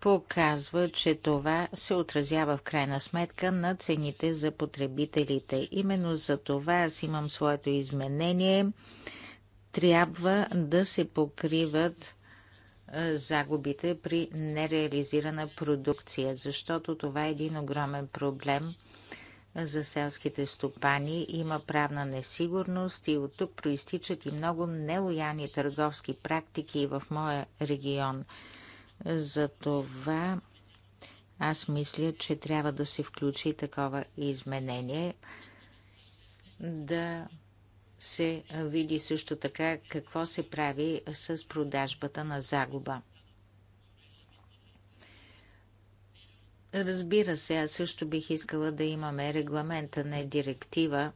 показва, че това се отразява в крайна сметка на цените за потребителите. Именно за това аз имам своето изменение. Трябва да се покриват загубите при нереализирана продукция, защото това е един огромен проблем – за селските стопани има правна несигурност и от тук проистичат и много нелояни търговски практики в моя регион. Затова аз мисля, че трябва да се включи такова изменение, да се види също така какво се прави с продажбата на загуба. Разбира се, аз също бих искала да имаме регламента, не директива,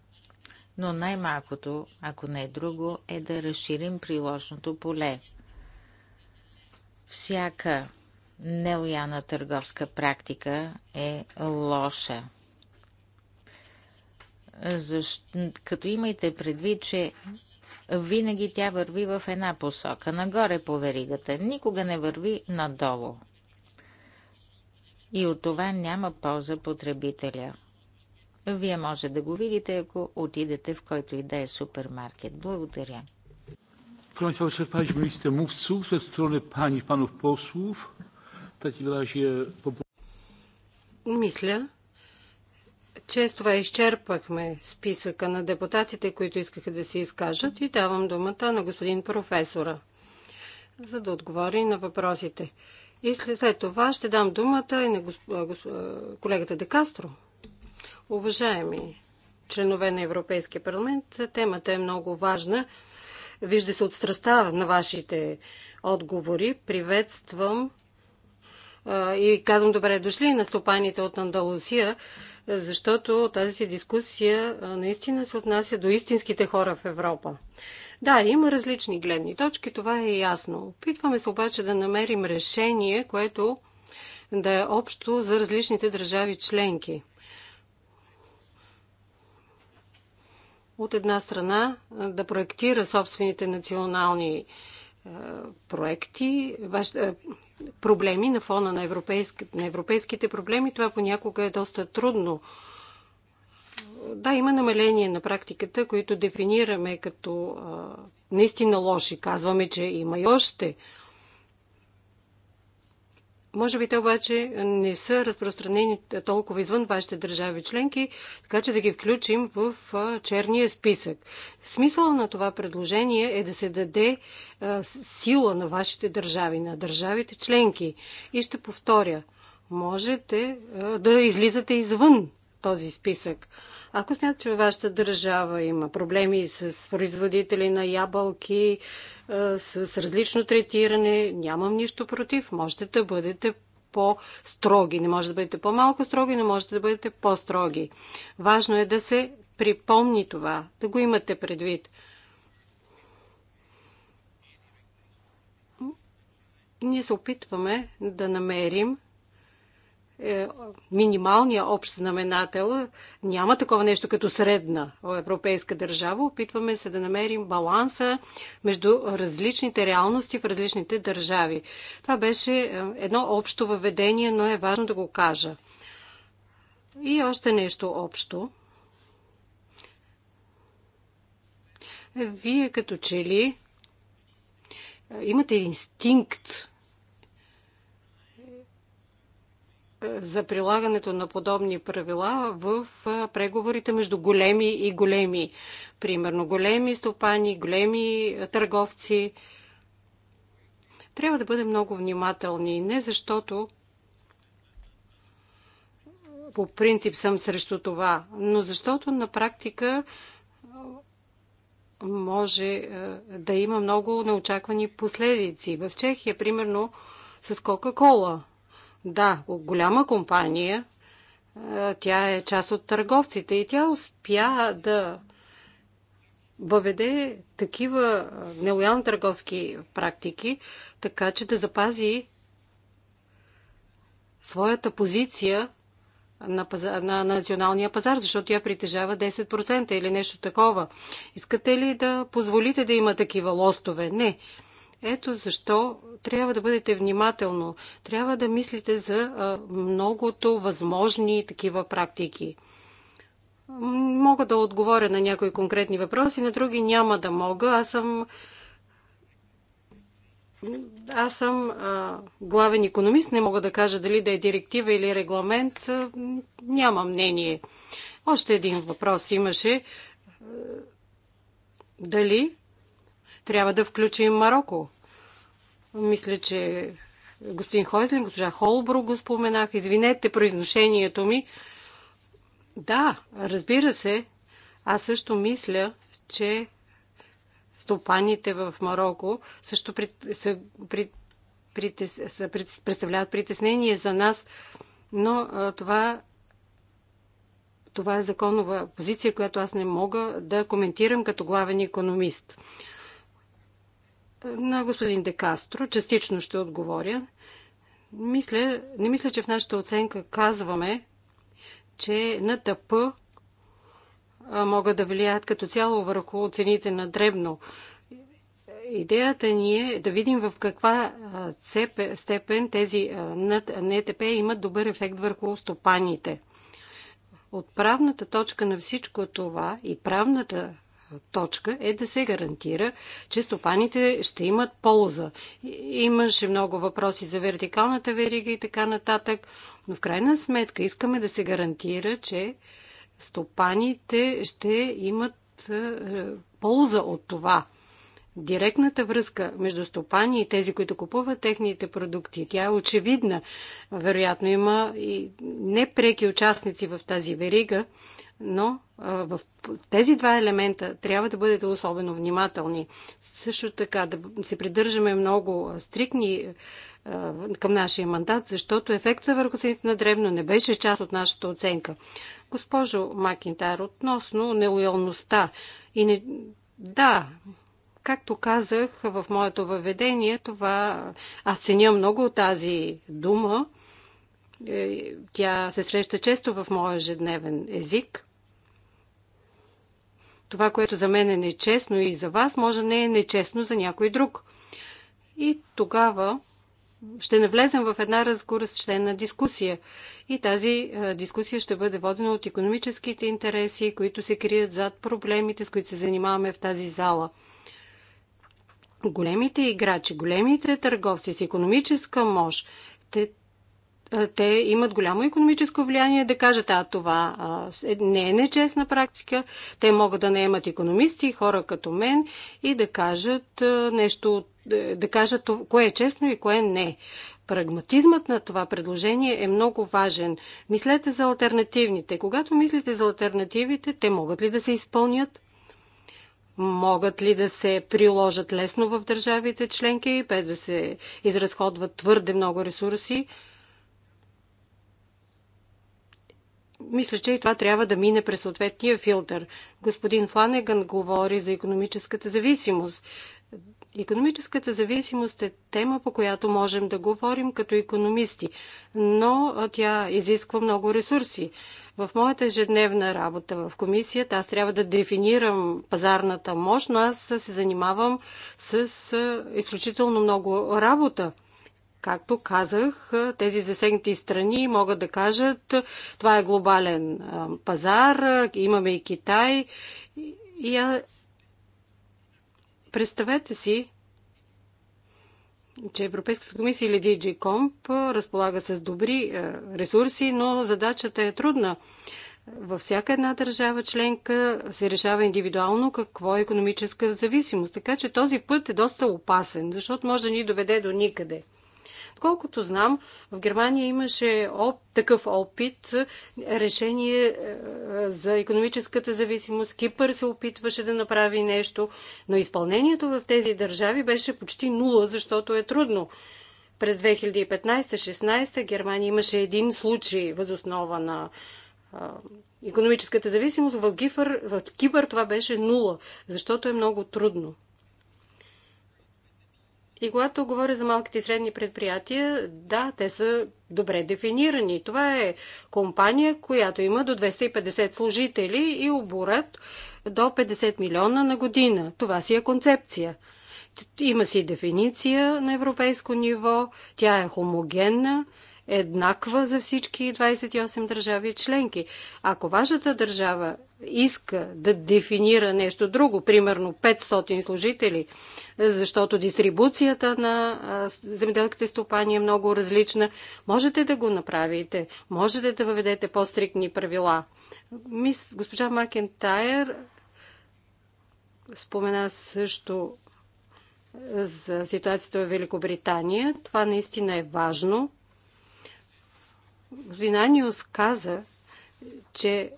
но най-малкото, ако не е друго, е да разширим приложното поле. Всяка нелояна търговска практика е лоша. Защ... Като имайте предвид, че винаги тя върви в една посока, нагоре по веригата, никога не върви надолу и от това няма полза потребителя. Вие може да го видите, ако отидете в който и да е супермаркет. Благодаря. Proszę Państwa, wyczerpaliśmy listę mówców ze Пани Панов Послов. panów posłów. W takim razie... Мисля, че с това изчерпахме списъка на депутатите, които искаха да се изкажат и давам думата на господин професора, за да отговори на въпросите. И след това ще дам думата и на колегата Де колегата Декастро. Уважаеми членове на Европейския парламент, темата е много важна. Вижда се от страста на вашите отговори. Приветствам и казвам добре дошли на стопаните от Андалусия, защото тази си дискусия наистина се отнася до истинските хора в Европа. Да, има различни гледни точки, това е ясно. Опитваме се обаче да намерим решение, което да е общо за различните държави членки. От една страна да проектира собствените национални проекти, проблеми на фона на, европейск, на европейските проблеми. Това понякога е доста трудно. Да, има намаление на практиката, които дефинираме като наистина лоши. Казваме, че има и още. Може би те обаче не са разпространени толкова извън вашите държави членки, така че да ги включим в черния списък. Смисъл на това предложение е да се даде сила на вашите държави, на държавите членки. И ще повторя, можете да излизате извън този списък. Ако смятате, че във вашата държава има проблеми с производители на ябълки, е, с различно третиране, нямам нищо против. Можете да бъдете по-строги. Не може да бъдете по-малко строги, не можете да бъдете по-строги. Важно е да се припомни това, да го имате предвид. Ние се опитваме да намерим е, минималния общ знаменател. Няма такова нещо като средна европейска държава. Опитваме се да намерим баланса между различните реалности в различните държави. Това беше е, едно общо въведение, но е важно да го кажа. И още нещо общо. Вие като че ли е, имате инстинкт за прилагането на подобни правила в преговорите между големи и големи. Примерно големи стопани, големи търговци. Трябва да бъдем много внимателни. Не защото по принцип съм срещу това, но защото на практика може да има много неочаквани последици. В Чехия, примерно, с Кока-Кола – да, голяма компания. Е, тя е част от търговците и тя успя да въведе такива е, нелоялни търговски практики, така че да запази своята позиция на, пазар, на националния пазар, защото тя притежава 10% или нещо такова. Искате ли да позволите да има такива лостове? Не. Ето защо трябва да бъдете внимателно. Трябва да мислите за многото възможни такива практики. Мога да отговоря на някои конкретни въпроси, на други няма да мога. Аз съм. Аз съм а, главен економист, не мога да кажа дали да е директива или регламент. А, няма мнение. Още един въпрос имаше. дали трябва да включим Марокко. Мисля, че господин Хойзлин, госпожа Холбро го споменах. Извинете произношението ми. Да, разбира се, аз също мисля, че стопаните в Марокко също при, са, при, при, са, представляват притеснение за нас, но а, това, това е законова позиция, която аз не мога да коментирам като главен економист. На господин Декастро частично ще отговоря. Мисля, не мисля, че в нашата оценка казваме, че на ТП могат да влияят като цяло върху цените на дребно. Идеята ни е да видим в каква степен тези НТП имат добър ефект върху стопаните. От правната точка на всичко това и правната точка е да се гарантира, че стопаните ще имат полза. Имаше много въпроси за вертикалната верига и така нататък, но в крайна сметка искаме да се гарантира, че стопаните ще имат е, полза от това. Директната връзка между стопани и тези, които купуват техните продукти, тя е очевидна. Вероятно има и непреки участници в тази верига, но в тези два елемента трябва да бъдете особено внимателни. Също така да се придържаме много стрикни към нашия мандат, защото ефекта върху цените на древно не беше част от нашата оценка. Госпожо Макинтар, относно нелоялността и не... Да, както казах в моето въведение, това аз ценя много тази дума. Е, тя се среща често в моя ежедневен език. Това, което за мен е нечестно и за вас, може не е нечестно за някой друг. И тогава ще навлезем в една разгоръщена дискусия. И тази дискусия ще бъде водена от економическите интереси, които се крият зад проблемите, с които се занимаваме в тази зала. Големите играчи, големите търговци с економическа мощ, те те имат голямо економическо влияние да кажат, а това а, е, не е нечестна практика. Те могат да наемат економисти, хора като мен и да кажат а, нещо, е, да кажат кое е честно и кое не. Прагматизмът на това предложение е много важен. Мислете за альтернативните. Когато мислите за альтернативите, те могат ли да се изпълнят? могат ли да се приложат лесно в държавите членки, без да се изразходват твърде много ресурси. мисля, че и това трябва да мине през съответния филтър. Господин Фланеган говори за економическата зависимост. Економическата зависимост е тема, по която можем да говорим като економисти, но тя изисква много ресурси. В моята ежедневна работа в комисията аз трябва да дефинирам пазарната мощ, но аз се занимавам с изключително много работа – Както казах, тези засегнати страни могат да кажат, това е глобален пазар, имаме и Китай. И а... Представете си, че Европейската комисия или DG Comp разполага с добри ресурси, но задачата е трудна. Във всяка една държава членка се решава индивидуално какво е економическа зависимост. Така че този път е доста опасен, защото може да ни доведе до никъде. Колкото знам, в Германия имаше оп, такъв опит, решение е, за економическата зависимост. Кипър се опитваше да направи нещо, но изпълнението в тези държави беше почти нула, защото е трудно. През 2015-16 Германия имаше един случай възоснова на економическата зависимост. В, Гифър, в Кипър това беше нула, защото е много трудно. И когато говоря за малките и средни предприятия, да, те са добре дефинирани. Това е компания, която има до 250 служители и оборот до 50 милиона на година. Това си е концепция. Има си дефиниция на европейско ниво, тя е хомогенна, еднаква за всички 28 държави членки. Ако вашата държава иска да дефинира нещо друго, примерно 500 служители, защото дистрибуцията на земеделските стопани е много различна. Можете да го направите, можете да въведете по-стрикни правила. Мис, госпожа Макентайр спомена също за ситуацията в Великобритания. Това наистина е важно. Господин Аниус каза, че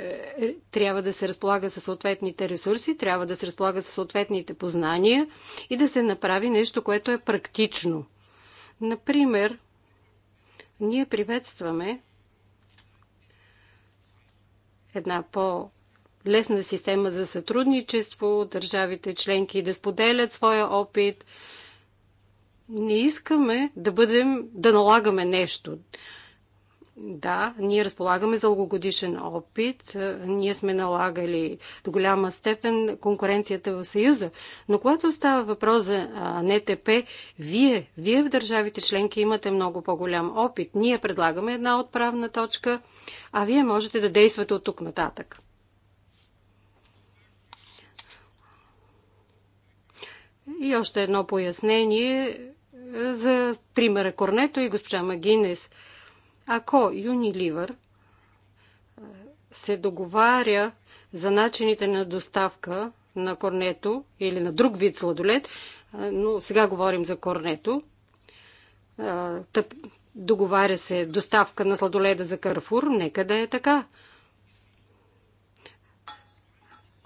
е, трябва да се разполага със съответните ресурси, трябва да се разполага със съответните познания и да се направи нещо, което е практично. Например, ние приветстваме една по-лесна система за сътрудничество, държавите членки да споделят своя опит. Не искаме да бъдем, да налагаме нещо. Да, ние разполагаме за дългогодишен опит. Е, ние сме налагали до голяма степен конкуренцията в Съюза. Но когато става въпрос за НТП, вие, вие в държавите членки имате много по-голям опит. Ние предлагаме една отправна точка, а вие можете да действате от тук нататък. И още едно пояснение е, за примера Корнето и госпожа Магинес – ако Unilever се договаря за начините на доставка на корнето или на друг вид сладолет, но сега говорим за корнето, договаря се доставка на сладоледа за Карфур, нека да е така.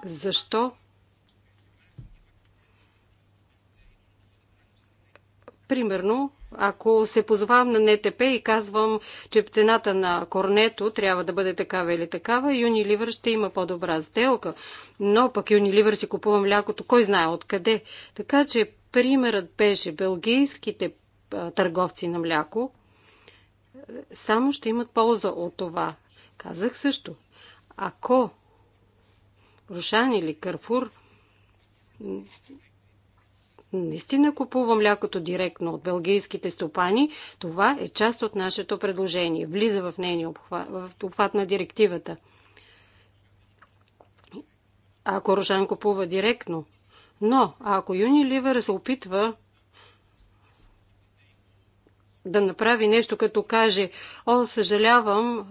Защо? Примерно, ако се позовавам на НТП и казвам, че цената на корнето трябва да бъде такава или такава, Юниливър ще има по-добра сделка. Но пък Юниливър си купува млякото, кой знае откъде. Така че примерът беше белгийските търговци на мляко само ще имат полза от това. Казах също, ако Рушан или Карфур наистина купува млякото директно от белгийските стопани, това е част от нашето предложение. Влиза в нейния обхват, в обхват на директивата. Ако Рошан купува директно. Но ако Юни Ливер се опитва да направи нещо, като каже, о, съжалявам,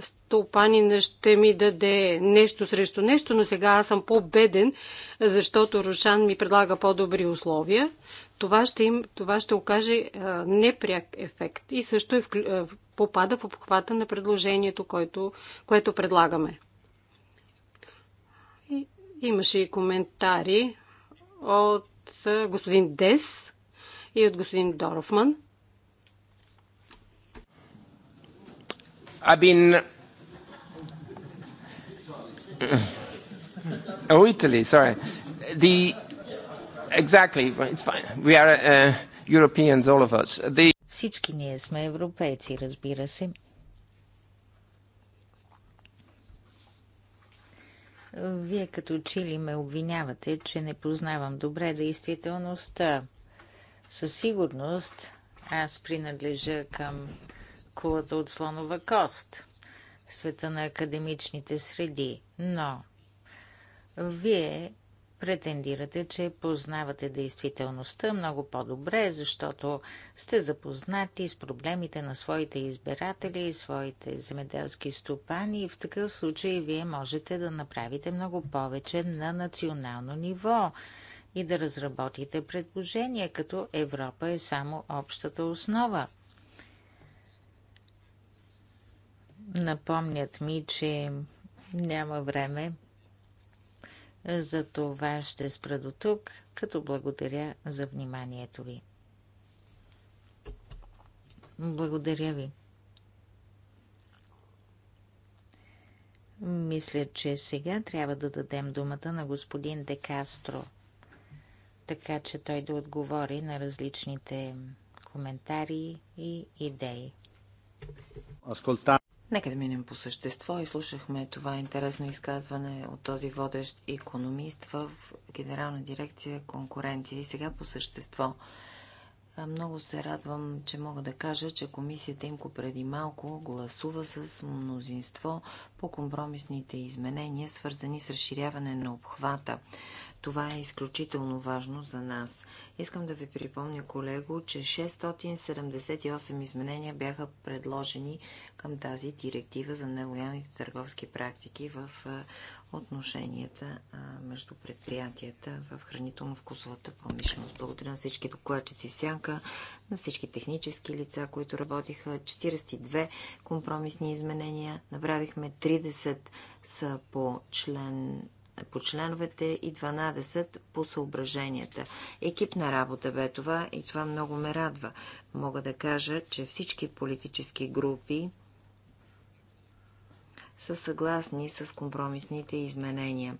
стопанина ще ми даде нещо срещу нещо, но сега аз съм по-беден, защото Рушан ми предлага по-добри условия. Това ще, им, това ще окаже непряк ефект и също е в, попада в обхвата на предложението, което, което предлагаме. И, имаше и коментари от господин Дес и от господин Дорфман – I've been. Uh, oh, Italy, sorry. The exactly, it's fine. We are uh, Europeans, all of us. The... Всички ние сме европейци, разбира се. Вие като чили ме обвинявате, че не познавам добре действителността. Със сигурност аз принадлежа към кулата от слонова кост в света на академичните среди, но вие претендирате, че познавате действителността много по-добре, защото сте запознати с проблемите на своите избиратели и своите земеделски стопани и в такъв случай вие можете да направите много повече на национално ниво и да разработите предложения, като Европа е само общата основа. Напомнят ми, че няма време. За това ще спра до тук, като благодаря за вниманието ви. Благодаря ви. Мисля, че сега трябва да дадем думата на господин Декастро, така че той да отговори на различните коментари и идеи. Асколта. Нека да минем по същество. И слушахме това интересно изказване от този водещ економист в Генерална дирекция конкуренция. И сега по същество. Много се радвам, че мога да кажа, че комисията имко преди малко гласува с мнозинство по компромисните изменения, свързани с разширяване на обхвата това е изключително важно за нас. Искам да ви припомня, колего, че 678 изменения бяха предложени към тази директива за нелоялните търговски практики в отношенията между предприятията в хранително-вкусовата промишленост. Благодаря на всички докладчици в сянка, на всички технически лица, които работиха. 42 компромисни изменения. Направихме 30 са по член по членовете и 12 по съображенията. Екипна работа бе това и това много ме радва. Мога да кажа, че всички политически групи са съгласни с компромисните изменения.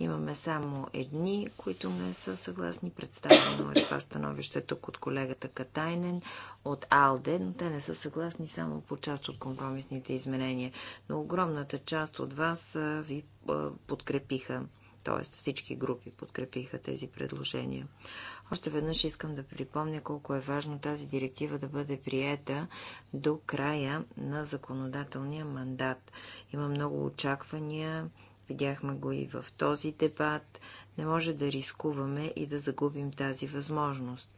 Имаме само едни, които не са съгласни. Представено е това становище тук от колегата Катайнен от АЛДЕ, но те не са съгласни само по част от компромисните изменения. Но огромната част от вас ви подкрепиха т.е. всички групи подкрепиха тези предложения. Още веднъж искам да припомня колко е важно тази директива да бъде приета до края на законодателния мандат. Има много очаквания Видяхме го и в този дебат. Не може да рискуваме и да загубим тази възможност.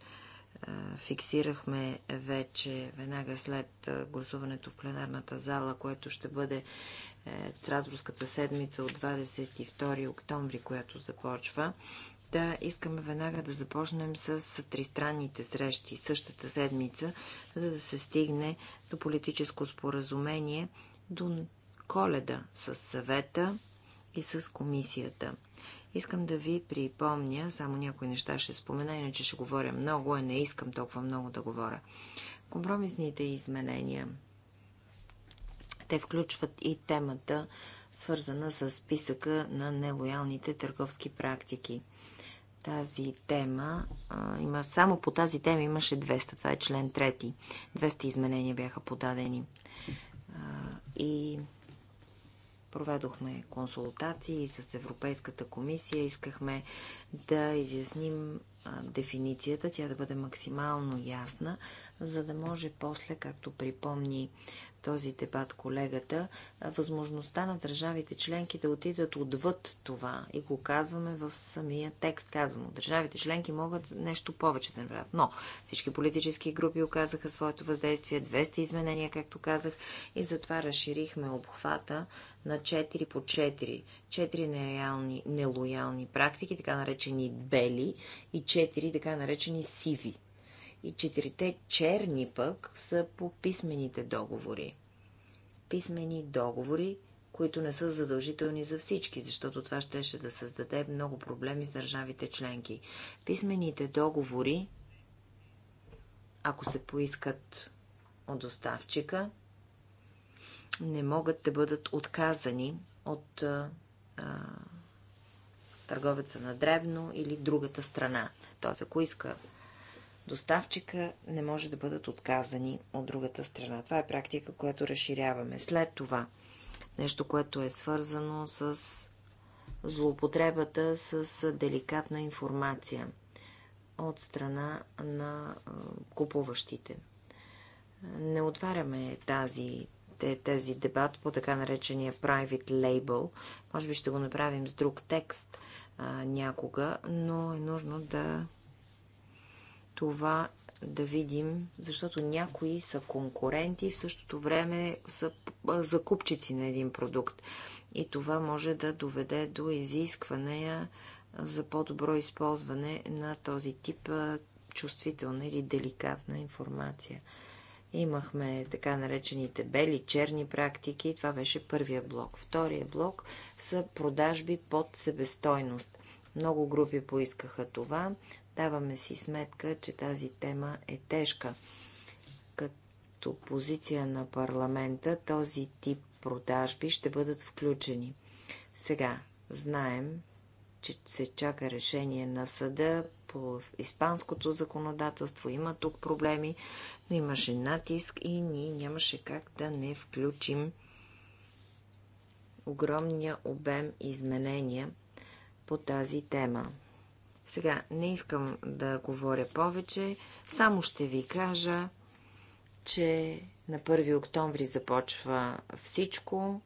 Фиксирахме вече веднага след гласуването в пленарната зала, което ще бъде е, Страсбургската седмица от 22 октомври, която започва, да искаме веднага да започнем с тристранните срещи същата седмица, за да се стигне до политическо споразумение до коледа с съвета и с комисията. Искам да ви припомня, само някои неща ще спомена, иначе ще говоря много, а не искам толкова много да говоря. Компромисните изменения, те включват и темата, свързана с списъка на нелоялните търговски практики. Тази тема, а, има, само по тази тема имаше 200, това е член 3. 200 изменения бяха подадени. А, и Проведохме консултации с Европейската комисия. Искахме да изясним дефиницията, тя да бъде максимално ясна, за да може после, както припомни този дебат колегата, възможността на държавите членки да отидат отвъд това и го казваме в самия текст. Казвам, държавите членки могат нещо повече да направят. Но всички политически групи оказаха своето въздействие, 200 изменения, както казах, и затова разширихме обхвата на 4 по 4. 4 нереални, нелоялни практики, така наречени бели, и 4 така наречени сиви и четирите черни пък са по писмените договори. Писмени договори, които не са задължителни за всички, защото това щеше да създаде много проблеми с държавите членки. Писмените договори, ако се поискат от доставчика, не могат да бъдат отказани от а, а, търговеца на Древно или другата страна. Тоест, ако иска доставчика не може да бъдат отказани от другата страна. Това е практика, която разширяваме. След това, нещо, което е свързано с злоупотребата с деликатна информация от страна на купуващите. Не отваряме тази тези дебат по така наречения private label. Може би ще го направим с друг текст а, някога, но е нужно да това да видим, защото някои са конкуренти, в същото време са закупчици на един продукт. И това може да доведе до изискване за по-добро използване на този тип чувствителна или деликатна информация. Имахме така наречените бели, черни практики. Това беше първия блок. Втория блок са продажби под себестойност. Много групи поискаха това. Даваме си сметка, че тази тема е тежка. Като позиция на парламента този тип продажби ще бъдат включени. Сега знаем, че се чака решение на съда по испанското законодателство. Има тук проблеми, но имаше натиск и ние нямаше как да не включим огромния обем изменения по тази тема. Сега не искам да говоря повече, само ще ви кажа, че на 1 октомври започва всичко.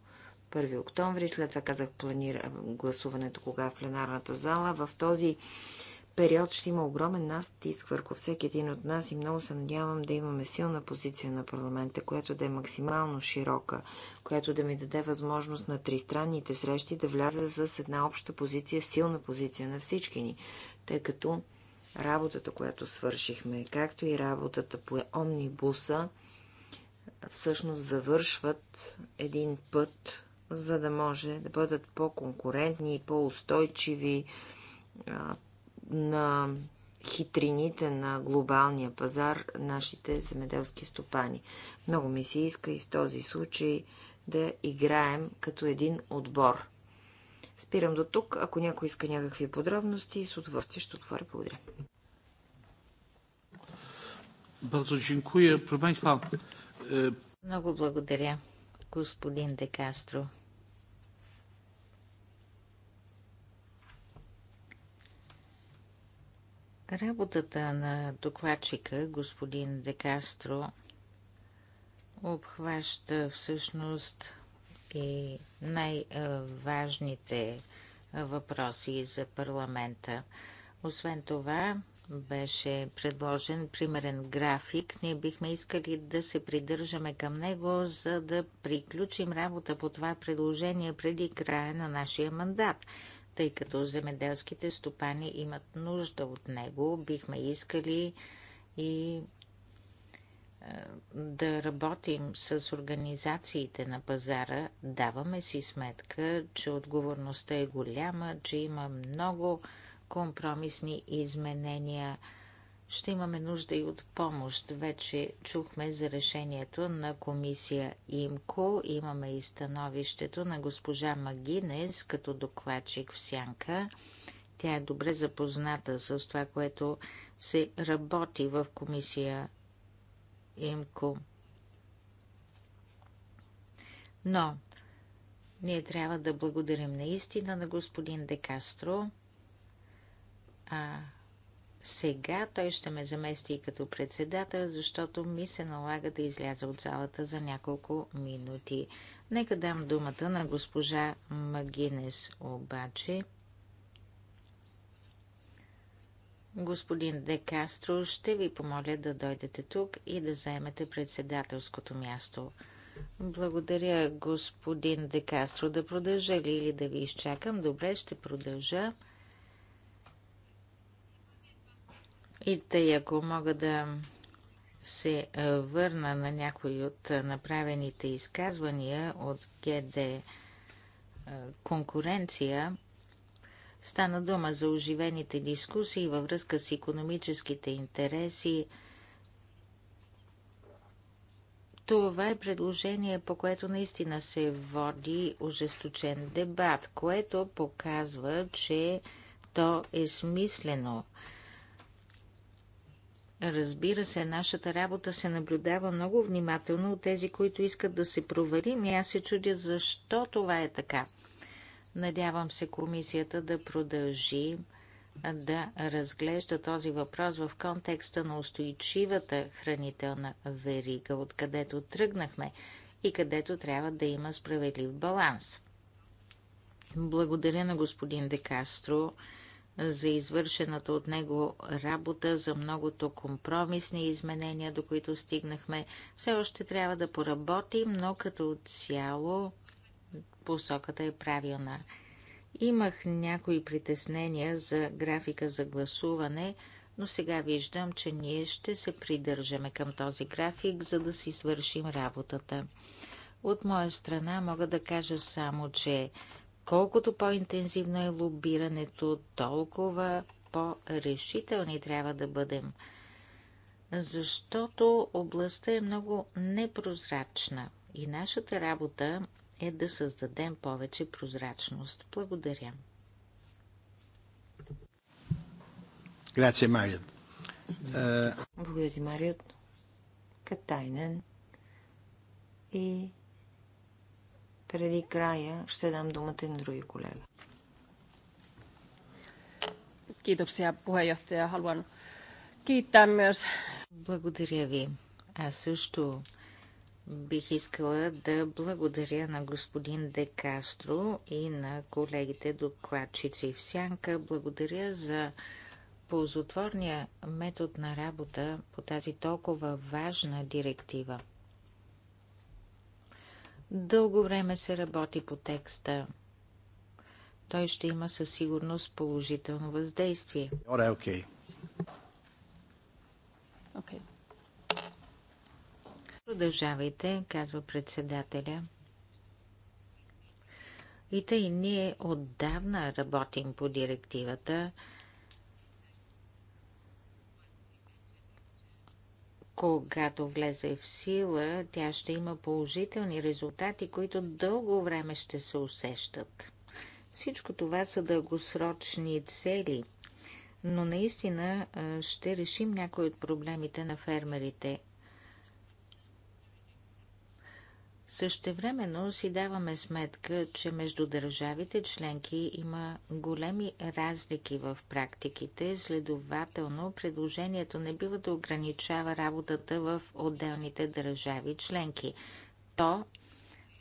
1 октомври, след това казах планира гласуването кога в пленарната зала. В този период ще има огромен настиск върху всеки един от нас и много се надявам да имаме силна позиция на парламента, която да е максимално широка, която да ми даде възможност на тристранните срещи да вляза с една обща позиция, силна позиция на всички ни тъй като работата, която свършихме, както и работата по омнибуса, всъщност завършват един път, за да може да бъдат по-конкурентни и по-устойчиви на хитрините на глобалния пазар нашите земеделски стопани. Много ми се иска и в този случай да играем като един отбор. Спирам до тук. Ако някой иска някакви подробности, с удоволствие ще отворя. Благодаря. E, Много благодаря, господин Декастро. Работата на докладчика, господин Декастро, обхваща всъщност и най-важните въпроси за парламента. Освен това, беше предложен примерен график. Ние бихме искали да се придържаме към него, за да приключим работа по това предложение преди края на нашия мандат. Тъй като земеделските стопани имат нужда от него, бихме искали и да работим с организациите на пазара, даваме си сметка, че отговорността е голяма, че има много компромисни изменения. Ще имаме нужда и от помощ. Вече чухме за решението на комисия ИМКО. Имаме и становището на госпожа Магинес като докладчик в Сянка. Тя е добре запозната с това, което се работи в комисия имко. Но ние трябва да благодарим наистина на господин Декастро. А сега той ще ме замести и като председател, защото ми се налага да изляза от залата за няколко минути. Нека дам думата на госпожа Магинес обаче. Господин Де Кастро, ще ви помоля да дойдете тук и да заемете председателското място. Благодаря, господин Де Кастро. Да продължа ли или да ви изчакам? Добре, ще продължа. И тъй, ако мога да се върна на някои от направените изказвания от ГД конкуренция, Стана дума за оживените дискусии във връзка с економическите интереси. Това е предложение, по което наистина се води ожесточен дебат, което показва, че то е смислено. Разбира се, нашата работа се наблюдава много внимателно от тези, които искат да се проверим и аз се чудя защо това е така. Надявам се комисията да продължи да разглежда този въпрос в контекста на устойчивата хранителна верига, откъдето тръгнахме и където трябва да има справедлив баланс. Благодаря на господин Декастро за извършената от него работа, за многото компромисни изменения, до които стигнахме. Все още трябва да поработим, но като цяло посоката е правилна. Имах някои притеснения за графика за гласуване, но сега виждам, че ние ще се придържаме към този график, за да си свършим работата. От моя страна мога да кажа само, че колкото по-интензивно е лобирането, толкова по-решителни трябва да бъдем. Защото областта е много непрозрачна и нашата работа е да създадем повече прозрачност. Благодаря. Грация, Мариот. Е, Благодаря ти, Мариот. Катайнен. И преди края ще дам думата на други колега. Kiitoksia puheenjohtaja. Haluan kiittää myös. Благодаря ви. Аз също Бих искала да благодаря на господин Де Кастро и на колегите докладчици в Сянка. Благодаря за ползотворния метод на работа по тази толкова важна директива. Дълго време се работи по текста. Той ще има със сигурност положително въздействие. Okay. Okay. Е Продължавайте, казва председателя. И тъй ние отдавна работим по директивата. Когато влезе в сила, тя ще има положителни резултати, които дълго време ще се усещат. Всичко това са дългосрочни цели, но наистина ще решим някои от проблемите на фермерите. Същевременно си даваме сметка, че между държавите членки има големи разлики в практиките, следователно предложението не бива да ограничава работата в отделните държави членки. То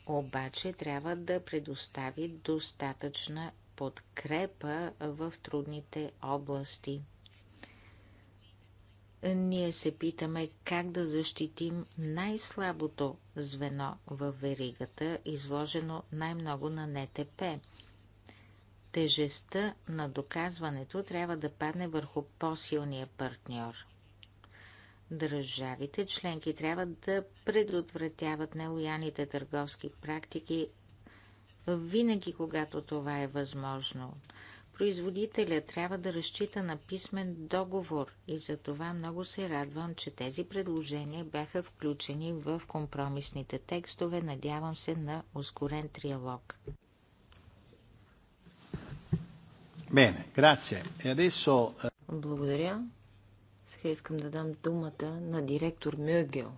обаче трябва да предостави достатъчна подкрепа в трудните области ние се питаме как да защитим най-слабото звено в веригата, изложено най-много на НТП. Тежестта на доказването трябва да падне върху по-силния партньор. Държавите членки трябва да предотвратяват нелояните търговски практики винаги, когато това е възможно производителя трябва да разчита на писмен договор и за това много се радвам, че тези предложения бяха включени в компромисните текстове. Надявам се на ускорен триалог. Bene, grazie. E adesso... Eh, Благодаря. Сега искам да дам думата на директор Мюгел,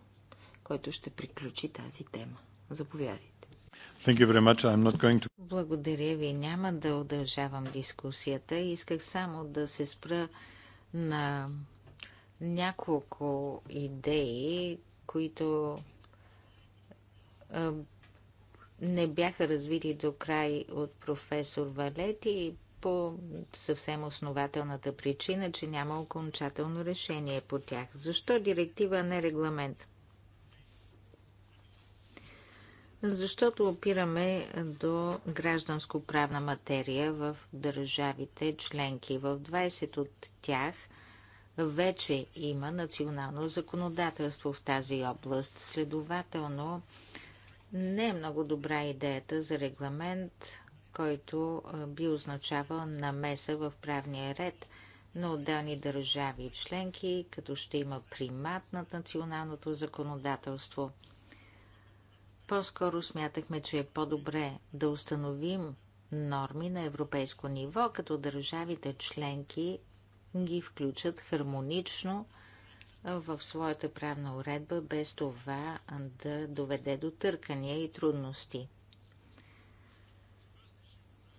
който ще приключи тази тема. Заповядайте. To... Благодаря ви. Няма да удължавам дискусията. Исках само да се спра на няколко идеи, които не бяха развити до край от професор Валети по съвсем основателната причина, че няма окончателно решение по тях. Защо директива, а не регламент? защото опираме до гражданско-правна материя в държавите членки. В 20 от тях вече има национално законодателство в тази област. Следователно, не е много добра идеята за регламент, който би означавал намеса в правния ред на отделни държави и членки, като ще има примат над националното законодателство. По-скоро смятахме, че е по-добре да установим норми на европейско ниво, като държавите членки ги включат хармонично в своята правна уредба, без това да доведе до търкания и трудности.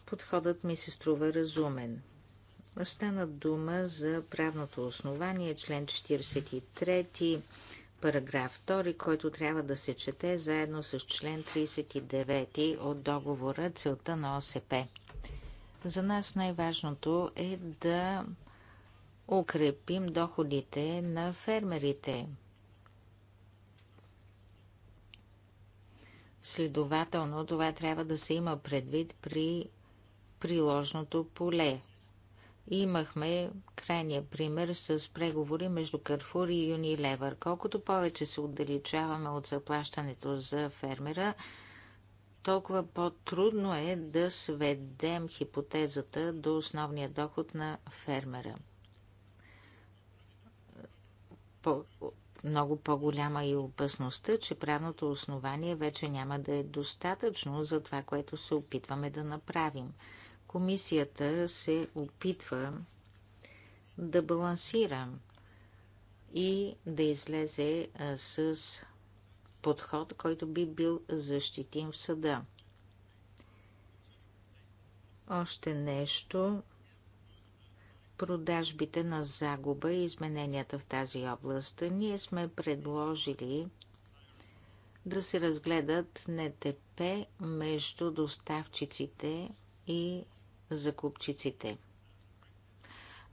Подходът ми се струва разумен. Стана дума за правното основание, член 43 параграф 2, който трябва да се чете заедно с член 39 от договора Целта на ОСП. За нас най-важното е да укрепим доходите на фермерите. Следователно, това трябва да се има предвид при приложното поле – Имахме крайния пример с преговори между Карфур и Юнилевър. Колкото повече се отдалечаваме от заплащането за фермера, толкова по-трудно е да сведем хипотезата до основния доход на фермера. По, много по-голяма е и опасността, че правното основание вече няма да е достатъчно за това, което се опитваме да направим – Комисията се опитва да балансира и да излезе с подход, който би бил защитим в съда. Още нещо. Продажбите на загуба и измененията в тази област. Ние сме предложили да се разгледат НТП между доставчиците и за купчиците.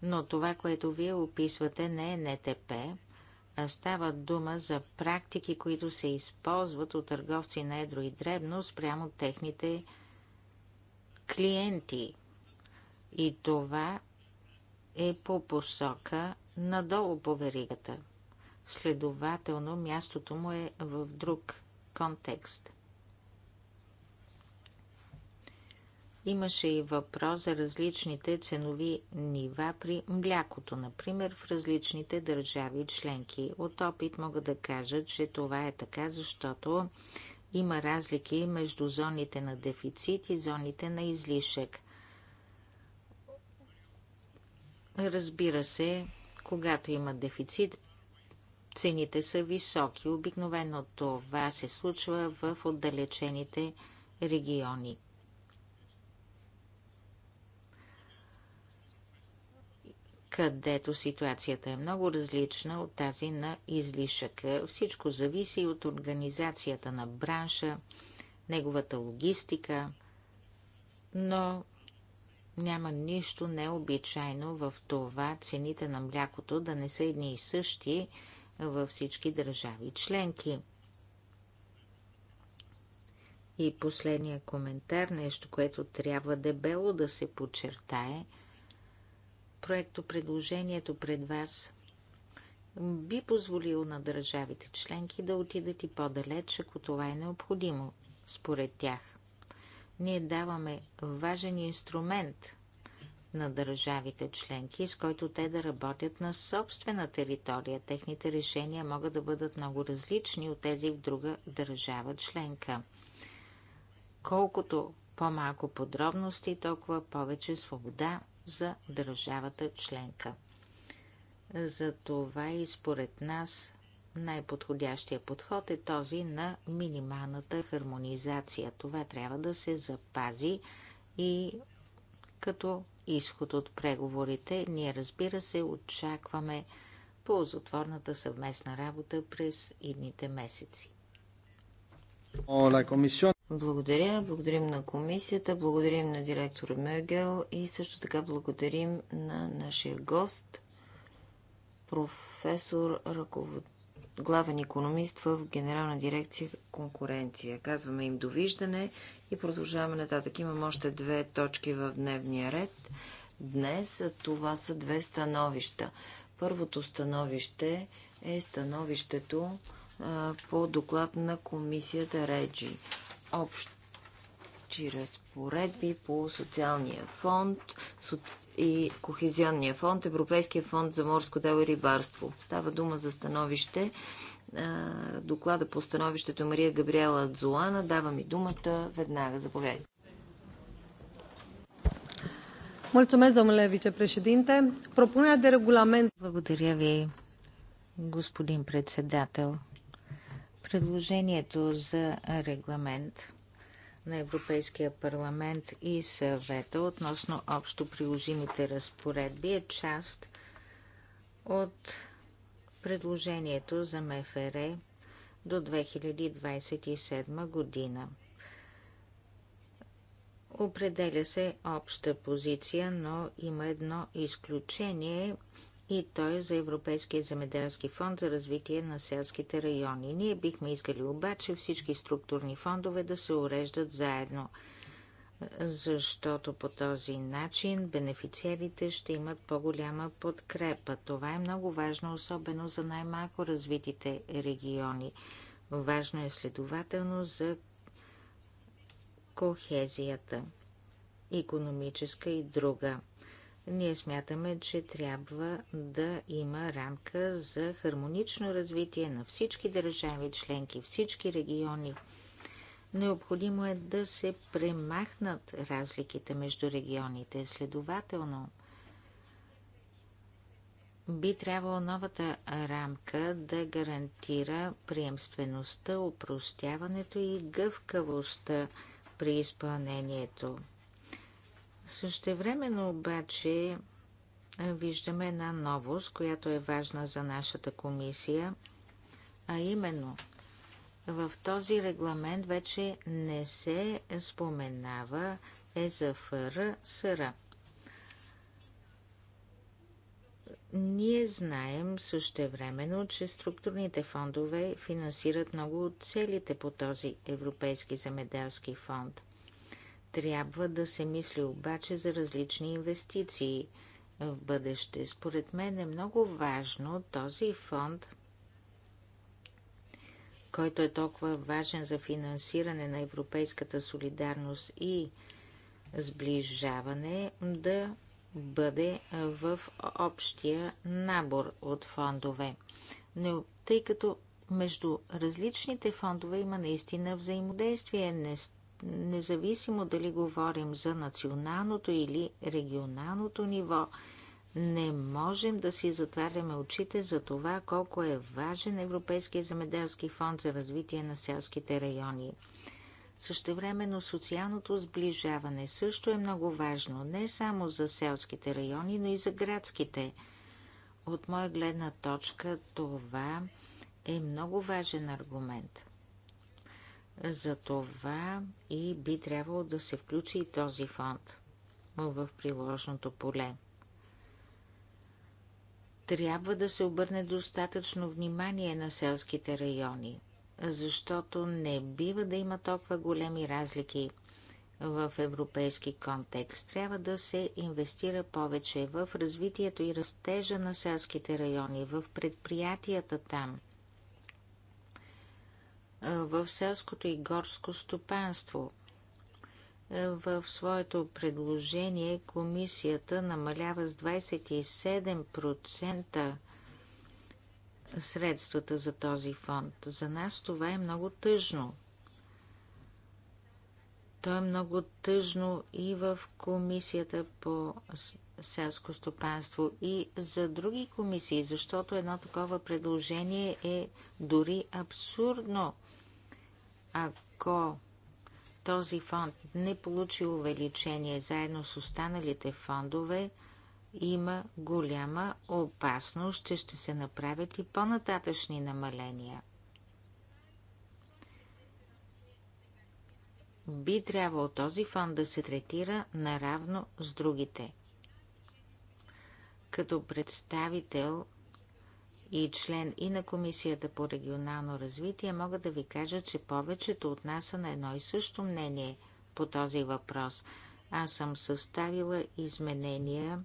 Но това, което вие описвате, не е НТП, а става дума за практики, които се използват от търговци на едро и дребно спрямо техните клиенти. И това е по посока надолу по веригата. Следователно, мястото му е в друг контекст – Имаше и въпрос за различните ценови нива при млякото, например в различните държави членки. От опит мога да кажа, че това е така, защото има разлики между зоните на дефицит и зоните на излишък. Разбира се, когато има дефицит, цените са високи. Обикновено това се случва в отдалечените региони. където ситуацията е много различна от тази на излишъка. Всичко зависи от организацията на бранша, неговата логистика, но няма нищо необичайно в това цените на млякото да не са едни и същи във всички държави членки. И последния коментар, нещо, което трябва дебело да се подчертае – проекто предложението пред вас би позволило на държавите членки да отидат и по-далеч, ако това е необходимо според тях. Ние даваме важен инструмент на държавите членки, с който те да работят на собствена територия. Техните решения могат да бъдат много различни от тези в друга държава членка. Колкото по-малко подробности, толкова повече свобода за държавата членка. Затова и според нас най-подходящия подход е този на минималната хармонизация. Това трябва да се запази и като изход от преговорите. Ние, разбира се, очакваме ползотворната съвместна работа през идните месеци. Благодаря. Благодарим на комисията, благодарим на директор Мегел и също така благодарим на нашия гост, професор ръковод... главен економист в Генерална дирекция конкуренция. Казваме им довиждане и продължаваме нататък. Имам още две точки в дневния ред. Днес това са две становища. Първото становище е становището а, по доклад на комисията Реджи общи разпоредби по социалния фонд и Кохезионния фонд, Европейския фонд за морско дело и рибарство. Става дума за становище. Доклада по становището Мария Габриела Дзолана. Дава ми думата веднага. Заповядайте. Mulțumesc, domnule vicepreședinte. Propunerea de regulament... Благодаря ви, господин председател. Предложението за регламент на Европейския парламент и съвета относно общо приложимите разпоредби е част от предложението за МФР до 2027 година. Определя се обща позиция, но има едно изключение – и той е за Европейския земеделски фонд за развитие на селските райони. Ние бихме искали обаче всички структурни фондове да се уреждат заедно, защото по този начин бенефициерите ще имат по-голяма подкрепа. Това е много важно, особено за най-малко развитите региони. Важно е следователно за кохезията, економическа и друга. Ние смятаме, че трябва да има рамка за хармонично развитие на всички държави членки, всички региони. Необходимо е да се премахнат разликите между регионите. Следователно, би трябвало новата рамка да гарантира приемствеността, упростяването и гъвкавостта при изпълнението. Същевременно обаче виждаме една новост, която е важна за нашата комисия, а именно в този регламент вече не се споменава ЕЗФР СР. Ние знаем същевременно, че структурните фондове финансират много от целите по този Европейски земеделски фонд. Трябва да се мисли обаче за различни инвестиции в бъдеще. Според мен е много важно този фонд, който е толкова важен за финансиране на европейската солидарност и сближаване, да бъде в общия набор от фондове. Но тъй като между различните фондове има наистина взаимодействие, не независимо дали говорим за националното или регионалното ниво, не можем да си затваряме очите за това колко е важен Европейския земеделски фонд за развитие на селските райони. Същевременно социалното сближаване също е много важно, не само за селските райони, но и за градските. От моя гледна точка това е много важен аргумент – за това и би трябвало да се включи и този фонд в приложното поле. Трябва да се обърне достатъчно внимание на селските райони, защото не бива да има толкова големи разлики в европейски контекст. Трябва да се инвестира повече в развитието и растежа на селските райони, в предприятията там – в селското и горско стопанство. В своето предложение комисията намалява с 27% средствата за този фонд. За нас това е много тъжно. То е много тъжно и в комисията по селско стопанство и за други комисии, защото едно такова предложение е дори абсурдно. Ако този фонд не получи увеличение заедно с останалите фондове, има голяма опасност, че ще се направят и по-нататъчни намаления. Би трябвало този фонд да се третира наравно с другите. Като представител и член и на Комисията по регионално развитие, мога да ви кажа, че повечето от нас са на едно и също мнение по този въпрос. Аз съм съставила изменения.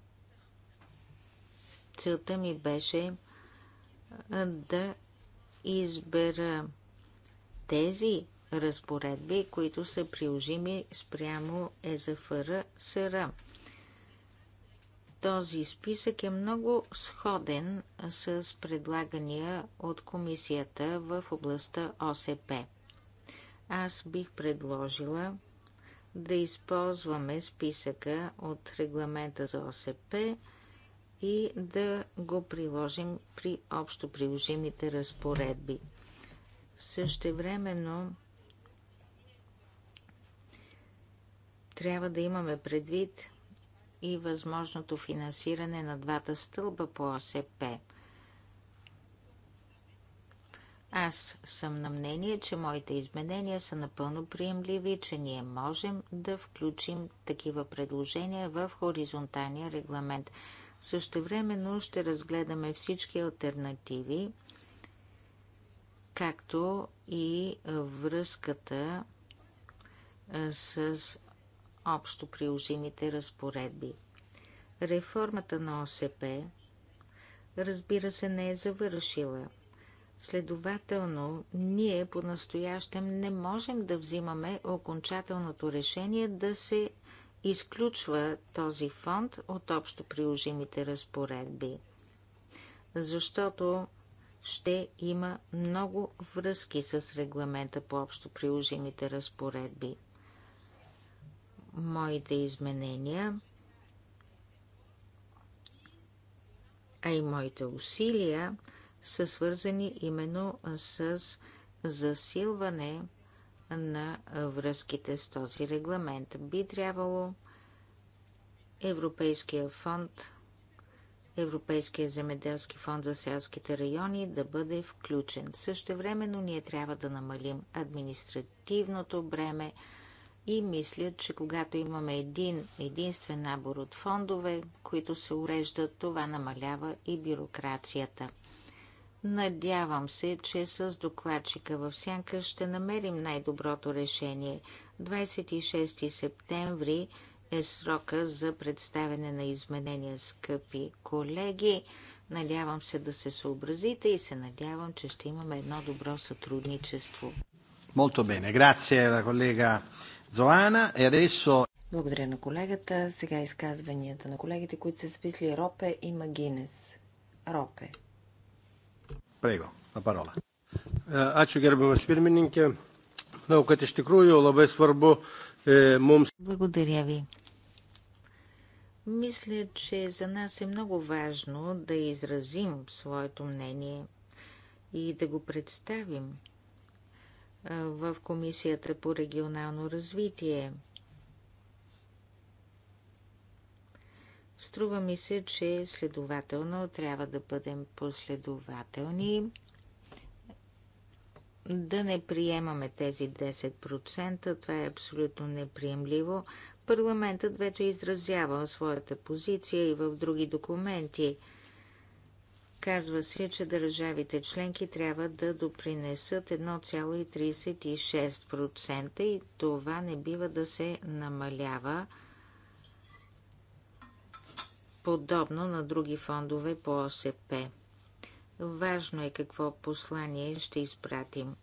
Целта ми беше да избера тези разпоредби, които са приложими спрямо ЕЗФР СРА. Този списък е много сходен с предлагания от комисията в областта ОСП. Аз бих предложила да използваме списъка от регламента за ОСП и да го приложим при общо приложимите разпоредби. Същевременно трябва да имаме предвид, и възможното финансиране на двата стълба по ОСП. Аз съм на мнение, че моите изменения са напълно приемливи, че ние можем да включим такива предложения в хоризонталния регламент. Също времено ще разгледаме всички альтернативи, както и връзката с общо приложимите разпоредби. Реформата на ОСП, разбира се, не е завършила. Следователно, ние по-настоящем не можем да взимаме окончателното решение да се изключва този фонд от общо приложимите разпоредби, защото ще има много връзки с регламента по общо приложимите разпоредби моите изменения, а и моите усилия са свързани именно с засилване на връзките с този регламент. Би трябвало Европейския фонд, Европейския земеделски фонд за селските райони да бъде включен. времено ние трябва да намалим административното бреме и мисля, че когато имаме един единствен набор от фондове, които се уреждат, това намалява и бюрокрацията. Надявам се, че с докладчика в сянка ще намерим най-доброто решение. 26 септември е срока за представяне на изменения, скъпи колеги. Надявам се да се съобразите и се надявам, че ще имаме едно добро сътрудничество. Molto bene, grazie колега. Зоана е adesso... Благодаря на колегата. Сега изказванията на колегите, които са списли Ропе и Магинес. Ропе. Прего, на парола. Ačiū gerbiamas pirmininkė. Manau, kad ще крую, лабе свърбо. е, Благодаря ви. Мисля, че за нас е много важно да изразим своето мнение и да го представим в Комисията по регионално развитие. Струва ми се, че следователно трябва да бъдем последователни, да не приемаме тези 10%. Това е абсолютно неприемливо. Парламентът вече е изразява своята позиция и в други документи – Казва се, че държавите членки трябва да допринесат 1,36% и това не бива да се намалява подобно на други фондове по ОСП. Важно е какво послание ще изпратим.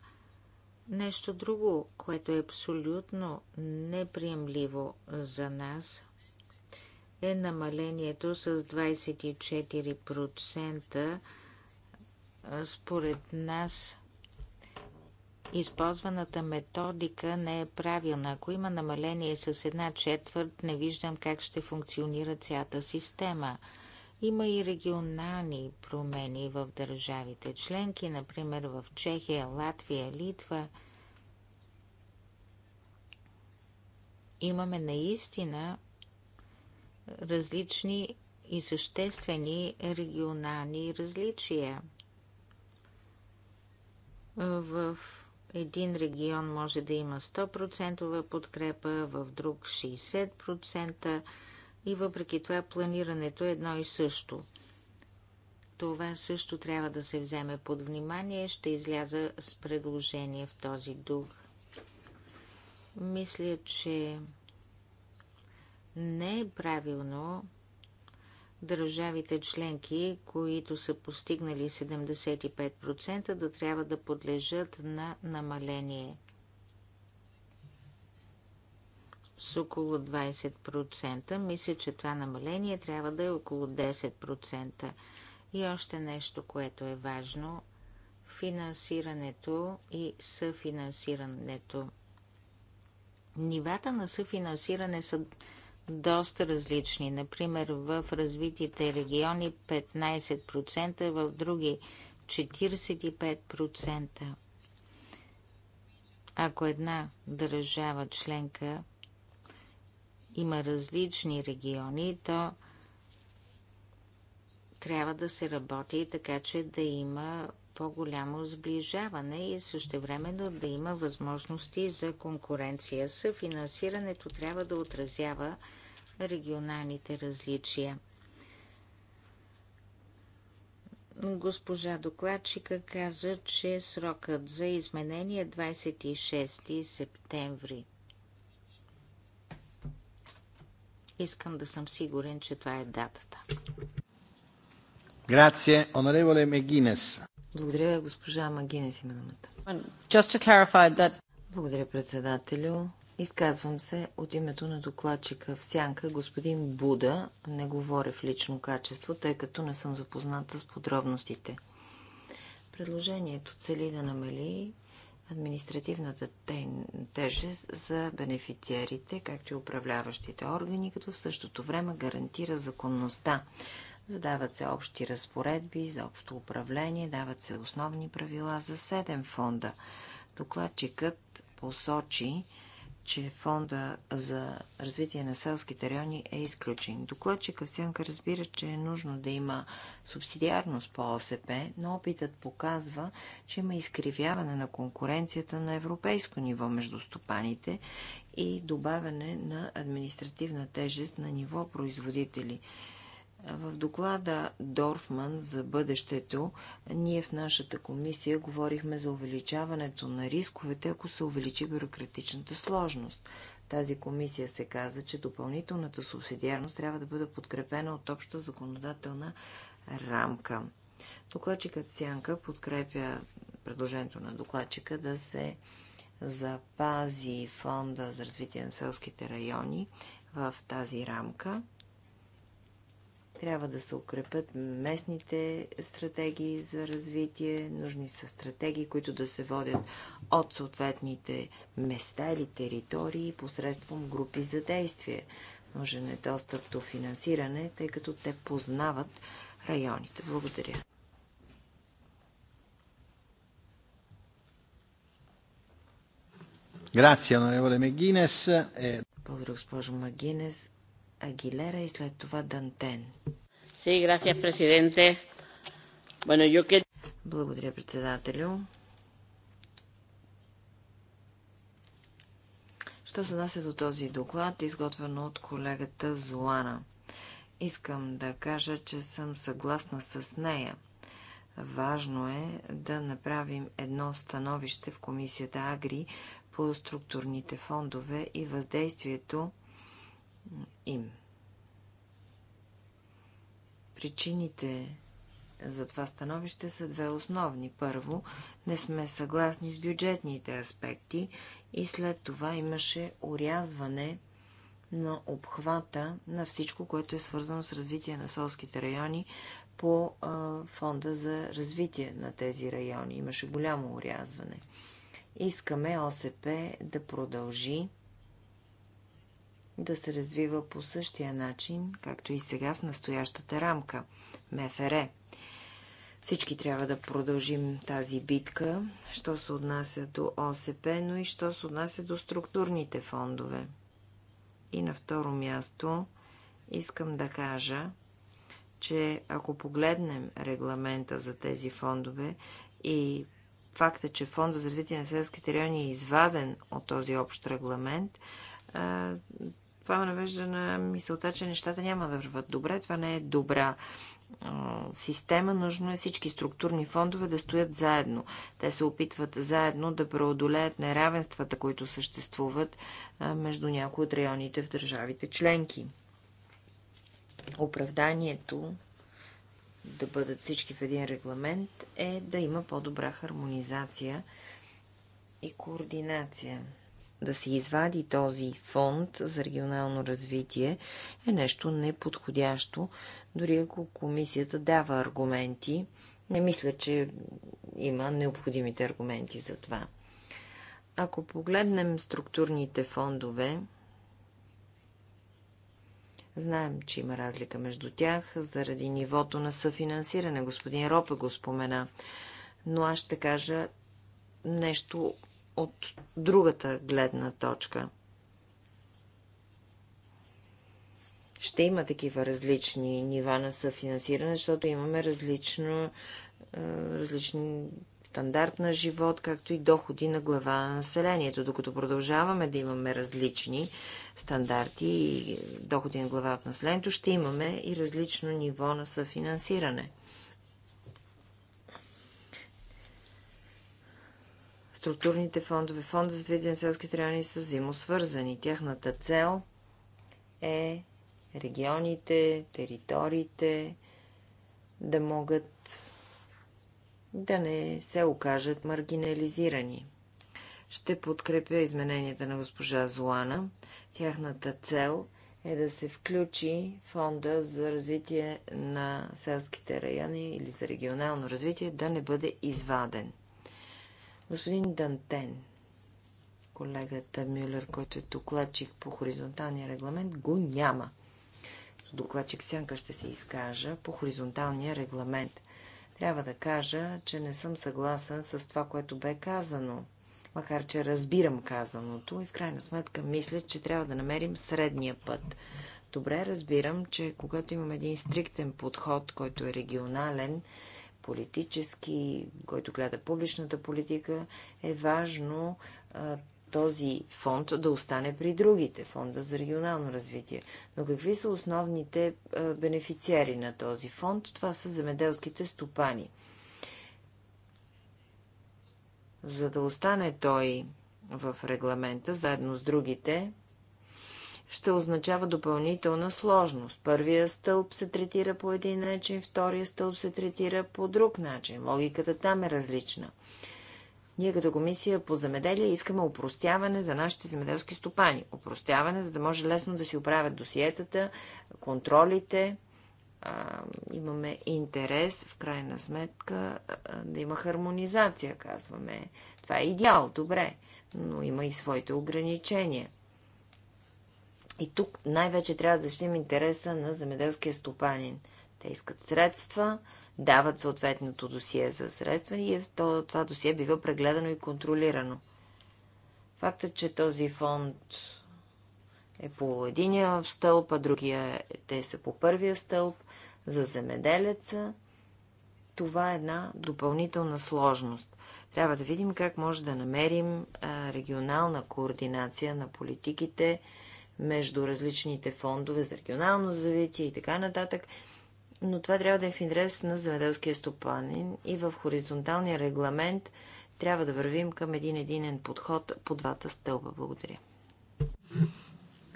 Нещо друго, което е абсолютно неприемливо за нас – е намалението с 24%. Според нас използваната методика не е правилна. Ако има намаление с една четвърт, не виждам как ще функционира цялата система. Има и регионални промени в държавите членки, например в Чехия, Латвия, Литва. Имаме наистина различни и съществени регионални различия. В един регион може да има 100% подкрепа, в друг 60% и въпреки това планирането е едно и също. Това също трябва да се вземе под внимание. Ще изляза с предложение в този дух. Мисля, че не е правилно държавите членки, които са постигнали 75%, да трябва да подлежат на намаление с около 20%. Мисля, че това намаление трябва да е около 10%. И още нещо, което е важно финансирането и съфинансирането. Нивата на съфинансиране са доста различни. Например, в развитите региони 15%, в други 45%. Ако една държава членка има различни региони, то трябва да се работи така, че да има по-голямо сближаване и същевременно да има възможности за конкуренция. Съфинансирането трябва да отразява регионалните различия. Госпожа докладчика каза, че срокът за изменение е 26 септември. Искам да съм сигурен, че това е датата. Грация, онореволе Мегинес. Благодаря, госпожа Магинес има думата. That... Благодаря, председателю. Изказвам се от името на докладчика в Сянка. Господин Буда не говори в лично качество, тъй като не съм запозната с подробностите. Предложението цели да намали административната тежест за бенефициерите, както и управляващите органи, като в същото време гарантира законността. Задават се общи разпоредби за общо управление, дават се основни правила за седем фонда. Докладчикът посочи, че фонда за развитие на селските райони е изключен. Докладчика Сянка разбира, че е нужно да има субсидиарност по ОСП, но опитът показва, че има изкривяване на конкуренцията на европейско ниво между стопаните и добавяне на административна тежест на ниво производители. В доклада Дорфман за бъдещето, ние в нашата комисия говорихме за увеличаването на рисковете, ако се увеличи бюрократичната сложност. Тази комисия се каза, че допълнителната субсидиарност трябва да бъде подкрепена от обща законодателна рамка. Докладчикът Сянка подкрепя предложението на докладчика да се запази фонда за развитие на селските райони в тази рамка трябва да се укрепят местните стратегии за развитие. Нужни са стратегии, които да се водят от съответните места или територии посредством групи за действие. Нужен е достъп до финансиране, тъй като те познават районите. Благодаря. Е, Благодаря, госпожо Магинес. Агилера и след това Дантен. Благодаря, председателю. Що се нася до този доклад, изготвен от колегата Золана? Искам да кажа, че съм съгласна с нея. Важно е да направим едно становище в комисията Агри по структурните фондове и въздействието им. Причините за това становище са две основни. Първо, не сме съгласни с бюджетните аспекти и след това имаше урязване на обхвата на всичко, което е свързано с развитие на солските райони по а, фонда за развитие на тези райони. Имаше голямо урязване. Искаме ОСП да продължи да се развива по същия начин, както и сега в настоящата рамка МФР. Всички трябва да продължим тази битка, що се отнася до ОСП, но и що се отнася до структурните фондове. И на второ място искам да кажа, че ако погледнем регламента за тези фондове и факта, че фонда за развитие на селските райони е изваден от този общ регламент, това ме навежда на мисълта, че нещата няма да върват добре. Това не е добра система, нужно е всички структурни фондове да стоят заедно. Те се опитват заедно да преодолеят неравенствата, които съществуват между някои от районите в държавите членки. Оправданието да бъдат всички в един регламент е да има по-добра хармонизация и координация да се извади този фонд за регионално развитие е нещо неподходящо, дори ако комисията дава аргументи. Не мисля, че има необходимите аргументи за това. Ако погледнем структурните фондове, знаем, че има разлика между тях заради нивото на съфинансиране. Господин Ропе го спомена. Но аз ще кажа нещо от другата гледна точка. Ще има такива различни нива на съфинансиране, защото имаме различно, е, различни стандарт на живот, както и доходи на глава на населението. Докато продължаваме да имаме различни стандарти и доходи на глава от населението, ще имаме и различно ниво на съфинансиране. Структурните фондове, фонда за развитие на селските райони са взаимосвързани. Тяхната цел е регионите, териториите да могат да не се окажат маргинализирани. Ще подкрепя измененията на госпожа Злана. Тяхната цел е да се включи фонда за развитие на селските райони или за регионално развитие да не бъде изваден. Господин Дантен, колегата Мюллер, който е докладчик по хоризонталния регламент, го няма. Докладчик Сянка ще се изкажа по хоризонталния регламент. Трябва да кажа, че не съм съгласен с това, което бе казано макар че разбирам казаното и в крайна сметка мисля, че трябва да намерим средния път. Добре разбирам, че когато имам един стриктен подход, който е регионален, политически, който гледа публичната политика, е важно а, този фонд да остане при другите, фонда за регионално развитие. Но какви са основните а, бенефициари на този фонд? Това са земеделските стопани. За да остане той в регламента, заедно с другите ще означава допълнителна сложност. Първия стълб се третира по един начин, втория стълб се третира по друг начин. Логиката там е различна. Ние като комисия по земеделие искаме упростяване за нашите земеделски стопани. Упростяване, за да може лесно да си оправят досиетата, контролите. А, имаме интерес, в крайна сметка, да има хармонизация, казваме. Това е идеал, добре, но има и своите ограничения – и тук най-вече трябва да защитим интереса на земеделския стопанин. Те искат средства, дават съответното досие за средства и е това досие бива прегледано и контролирано. Фактът, че този фонд е по единия стълб, а другия е, те са по първия стълб за земеделеца, това е една допълнителна сложност. Трябва да видим как може да намерим регионална координация на политиките, между различните фондове за регионално завитие и така нататък. Но това трябва да е в интерес на земеделския стопанин и в хоризонталния регламент трябва да вървим към един единен подход по двата стълба. Благодаря.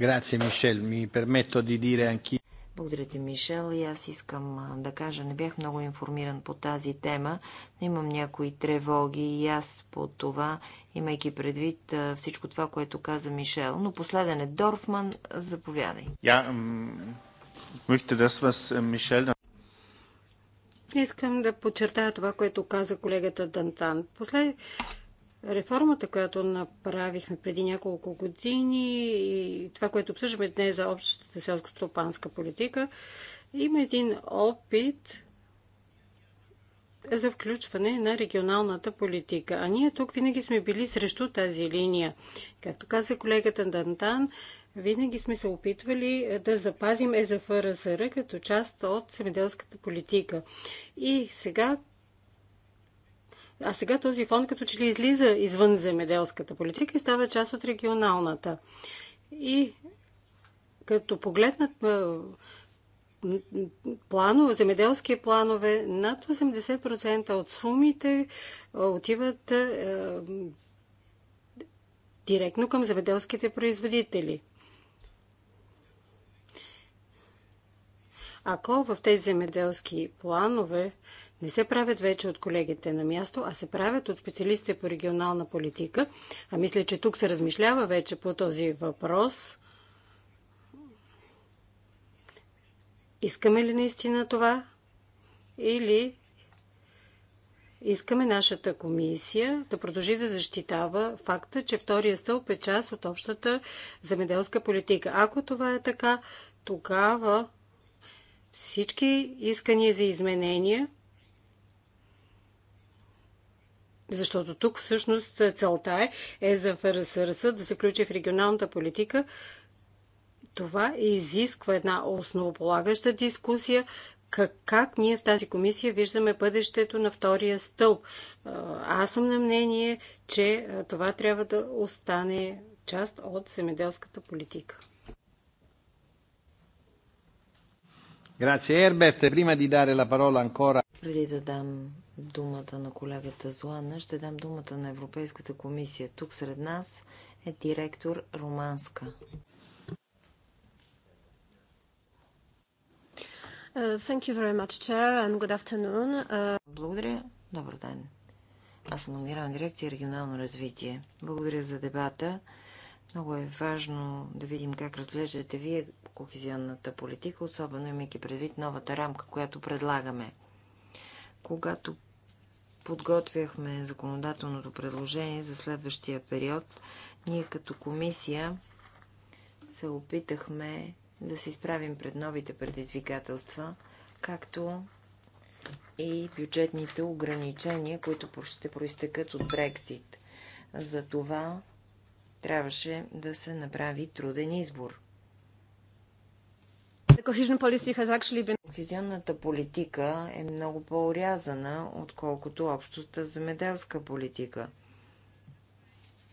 Grazie Michel, mi permetto di dire anch'io. Благодаря ти, Мишел. И аз искам да кажа, не бях много информиран по тази тема, но имам някои тревоги и аз по това, имайки предвид всичко това, което каза Мишел. Но последен е Дорфман. Заповядай. Я, мъхте да с е, Мишел. Искам да подчертая това, което каза колегата Дантан. Послед... Реформата, която направихме преди няколко години и това, което обсъждаме днес за общата селско-стопанска политика, има един опит за включване на регионалната политика. А ние тук винаги сме били срещу тази линия. Както каза колегата Дантан, винаги сме се опитвали да запазим ЕЗФРСР като част от семеделската политика. И сега а сега този фонд като че ли излиза извън земеделската политика и става част от регионалната. И като погледнат планове, земеделски планове, над 80% от сумите отиват е, директно към земеделските производители. Ако в тези земеделски планове не се правят вече от колегите на място, а се правят от специалистите по регионална политика. А мисля, че тук се размишлява вече по този въпрос. Искаме ли наистина това? Или искаме нашата комисия да продължи да защитава факта, че втория стълб е част от общата земеделска политика. Ако това е така, тогава всички искания за изменения защото тук всъщност целта е, е за ФРСРС да се включи в регионалната политика. Това изисква една основополагаща дискусия, как, как ние в тази комисия виждаме бъдещето на втория стълб. Аз съм на мнение, че това трябва да остане част от земеделската политика. Grazie Herbert. Prima di dare la parola ancora преди да дам думата на колегата Злана, ще дам думата на Европейската комисия. Тук сред нас е директор Романска. Uh, thank you very much, Chair, and good afternoon. Uh... Благодаря. Добър ден. Аз съм от Генерална дирекция регионално развитие. Благодаря за дебата. Много е важно да видим как разглеждате вие кохезионната политика, особено имайки предвид новата рамка, която предлагаме. Когато подготвяхме законодателното предложение за следващия период, ние като комисия се опитахме да се изправим пред новите предизвикателства, както и бюджетните ограничения, които ще проистекат от Брексит. За това трябваше да се направи труден избор. The cohesion policy has Кохезионната политика е много по-урязана, отколкото общата земеделска политика.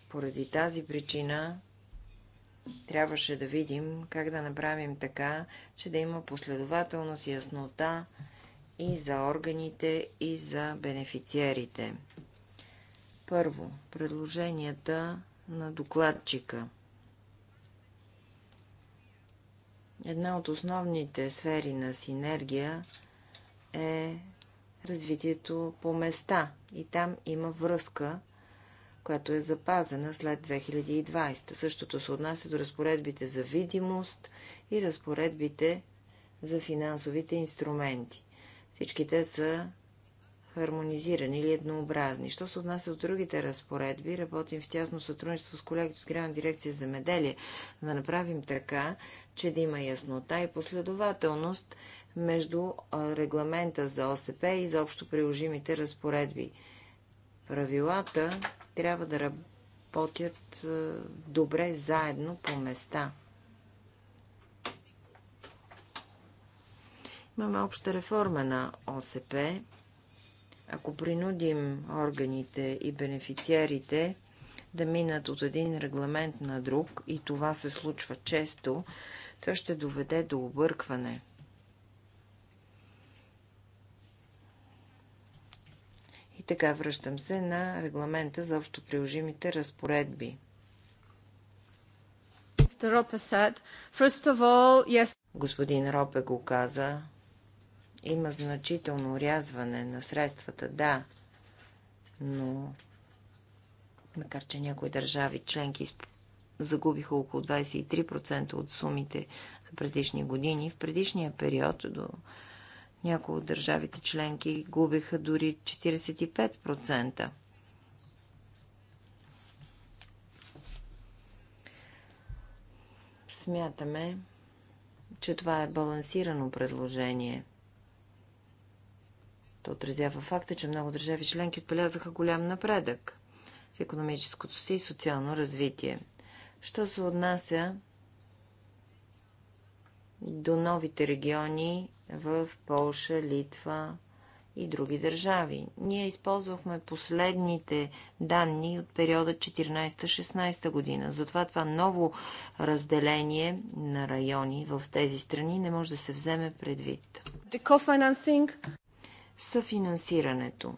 Поради тази причина трябваше да видим как да направим така, че да има последователност и яснота и за органите, и за бенефициерите. Първо, предложенията на докладчика – Една от основните сфери на синергия е развитието по места. И там има връзка, която е запазена след 2020. Същото се отнася до разпоредбите за видимост и разпоредбите за финансовите инструменти. Всички те са хармонизирани или еднообразни. Що се отнася от другите разпоредби, работим в тясно сътрудничество с колегите от Грана дирекция за меделие, да направим така, че да има яснота и последователност между регламента за ОСП и за общо приложимите разпоредби. Правилата трябва да работят добре заедно по места. Имаме обща реформа на ОСП. Ако принудим органите и бенефициарите да минат от един регламент на друг, и това се случва често, то ще доведе до объркване. И така връщам се на регламента за общо приложимите разпоредби. Господин Ропе го каза. Има значително урязване на средствата, да, но макар че някои държави членки загубиха около 23% от сумите за предишни години. В предишния период до някои от държавите членки губиха дори 45%. Смятаме, че това е балансирано предложение. То отразява факта, че много държави членки отбелязаха голям напредък в економическото си и социално развитие. Що се отнася до новите региони в Полша, Литва и други държави. Ние използвахме последните данни от периода 14-16 година. Затова това ново разделение на райони в тези страни не може да се вземе предвид. Съфинансирането.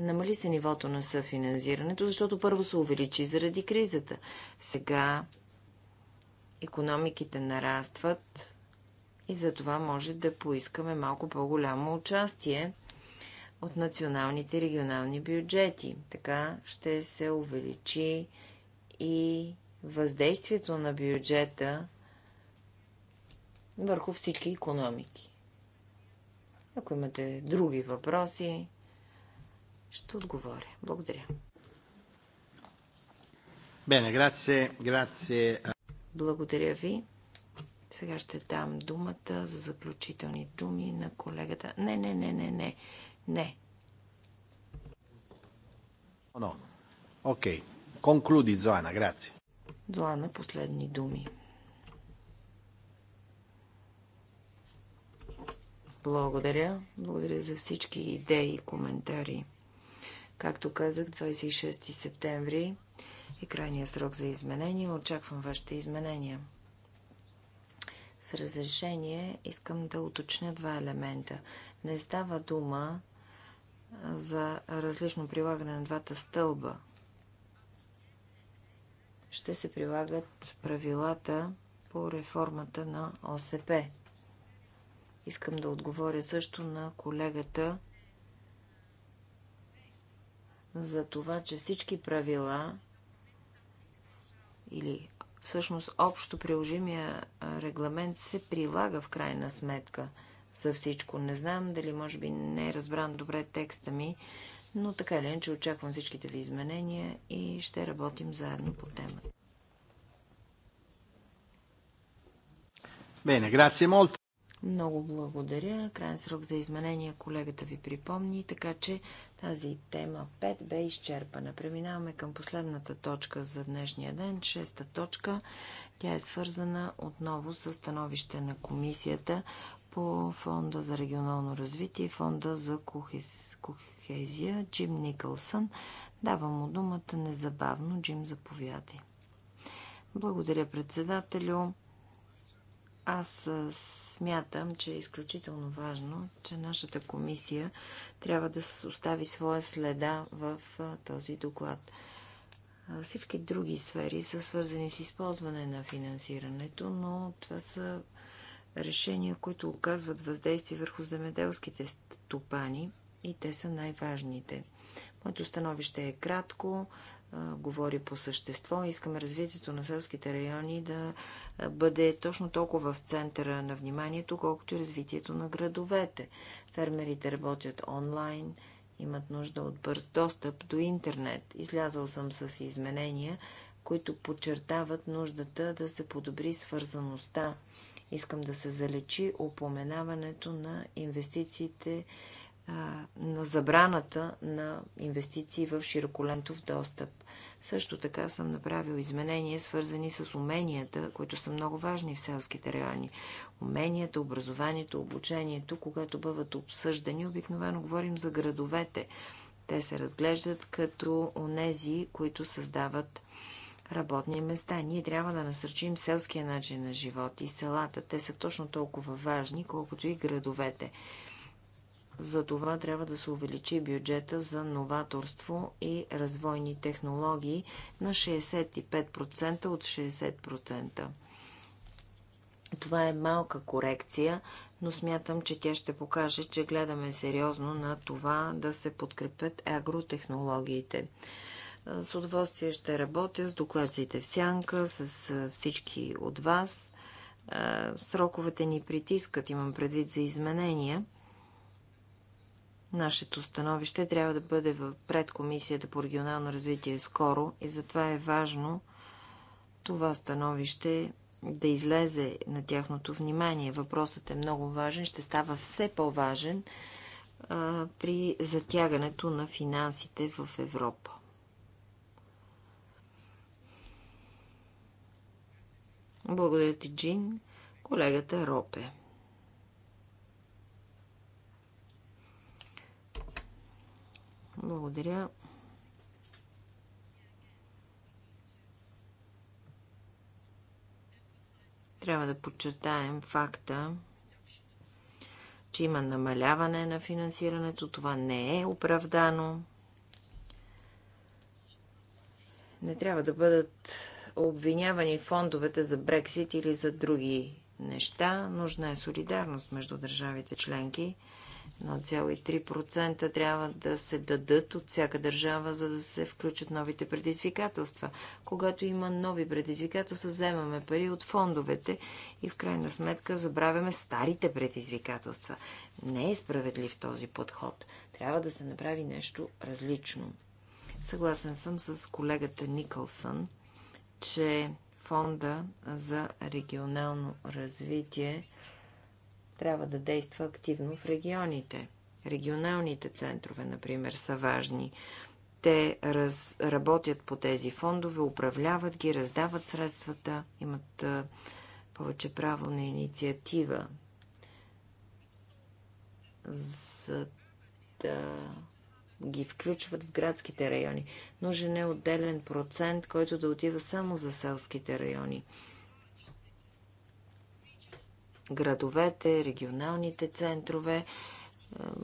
Намали се нивото на съфинансирането, защото първо се увеличи заради кризата. Сега економиките нарастват и за това може да поискаме малко по-голямо участие от националните и регионални бюджети. Така ще се увеличи и въздействието на бюджета върху всички економики. Ако имате други въпроси, ще отговоря. Благодаря. Бене, грация, грация. Благодаря ви. Сега ще дам думата за заключителни думи на колегата. Не, не, не, не, не. Не. Окей. Конклюди, Зоана, грация. Зоана, последни думи. Благодаря. Благодаря за всички идеи и коментари. Както казах, 26 септември е крайния срок за изменения. Очаквам вашите изменения. С разрешение искам да уточня два елемента. Не става дума за различно прилагане на двата стълба. Ще се прилагат правилата по реформата на ОСП. Искам да отговоря също на колегата за това, че всички правила или всъщност общо приложимия регламент се прилага в крайна сметка за всичко. Не знам дали може би не е разбран добре текста ми, но така или иначе очаквам всичките ви изменения и ще работим заедно по темата. Bene, грация molto. Много благодаря. Крайен срок за изменения колегата ви припомни, така че тази тема 5 бе изчерпана. Преминаваме към последната точка за днешния ден, шеста точка. Тя е свързана отново с становище на комисията по Фонда за регионално развитие и Фонда за кохезия Джим Никълсън. Давам му думата незабавно. Джим, заповядай. Благодаря, председателю. Аз смятам, че е изключително важно, че нашата комисия трябва да остави своя следа в този доклад. Всички други сфери са свързани с използване на финансирането, но това са решения, които оказват въздействие върху земеделските стопани и те са най-важните. Моето становище е кратко, говори по същество. Искаме развитието на селските райони да бъде точно толкова в центъра на вниманието, колкото и развитието на градовете. Фермерите работят онлайн, имат нужда от бърз достъп до интернет. Излязъл съм с изменения, които подчертават нуждата да се подобри свързаността. Искам да се залечи упоменаването на инвестициите на забраната на инвестиции в широколентов достъп. Също така съм направил изменения, свързани с уменията, които са много важни в селските райони. Уменията, образованието, обучението, когато бъдат обсъждани, обикновено говорим за градовете. Те се разглеждат като онези, които създават работни места. Ние трябва да насърчим селския начин на живот и селата. Те са точно толкова важни, колкото и градовете. За това трябва да се увеличи бюджета за новаторство и развойни технологии на 65% от 60%. Това е малка корекция, но смятам, че тя ще покаже, че гледаме сериозно на това да се подкрепят агротехнологиите. С удоволствие ще работя с докладците в сянка, с всички от вас. Сроковете ни притискат, имам предвид за изменения – Нашето становище трябва да бъде в предкомисията по регионално развитие скоро и затова е важно това становище да излезе на тяхното внимание. Въпросът е много важен, ще става все по-важен при затягането на финансите в Европа. Благодаря ти, Джин. Колегата Ропе. Благодаря. Трябва да подчертаем факта, че има намаляване на финансирането. Това не е оправдано. Не трябва да бъдат обвинявани фондовете за Брексит или за други неща. Нужна е солидарност между държавите членки 1,3% трябва да се дадат от всяка държава, за да се включат новите предизвикателства. Когато има нови предизвикателства, вземаме пари от фондовете и в крайна сметка забравяме старите предизвикателства. Не е справедлив този подход. Трябва да се направи нещо различно. Съгласен съм с колегата Никълсън, че фонда за регионално развитие – трябва да действа активно в регионите. Регионалните центрове, например, са важни. Те раз, работят по тези фондове, управляват ги, раздават средствата, имат а, повече право на инициатива, за да ги включват в градските райони. Нужен е отделен процент, който да отива само за селските райони градовете, регионалните центрове е,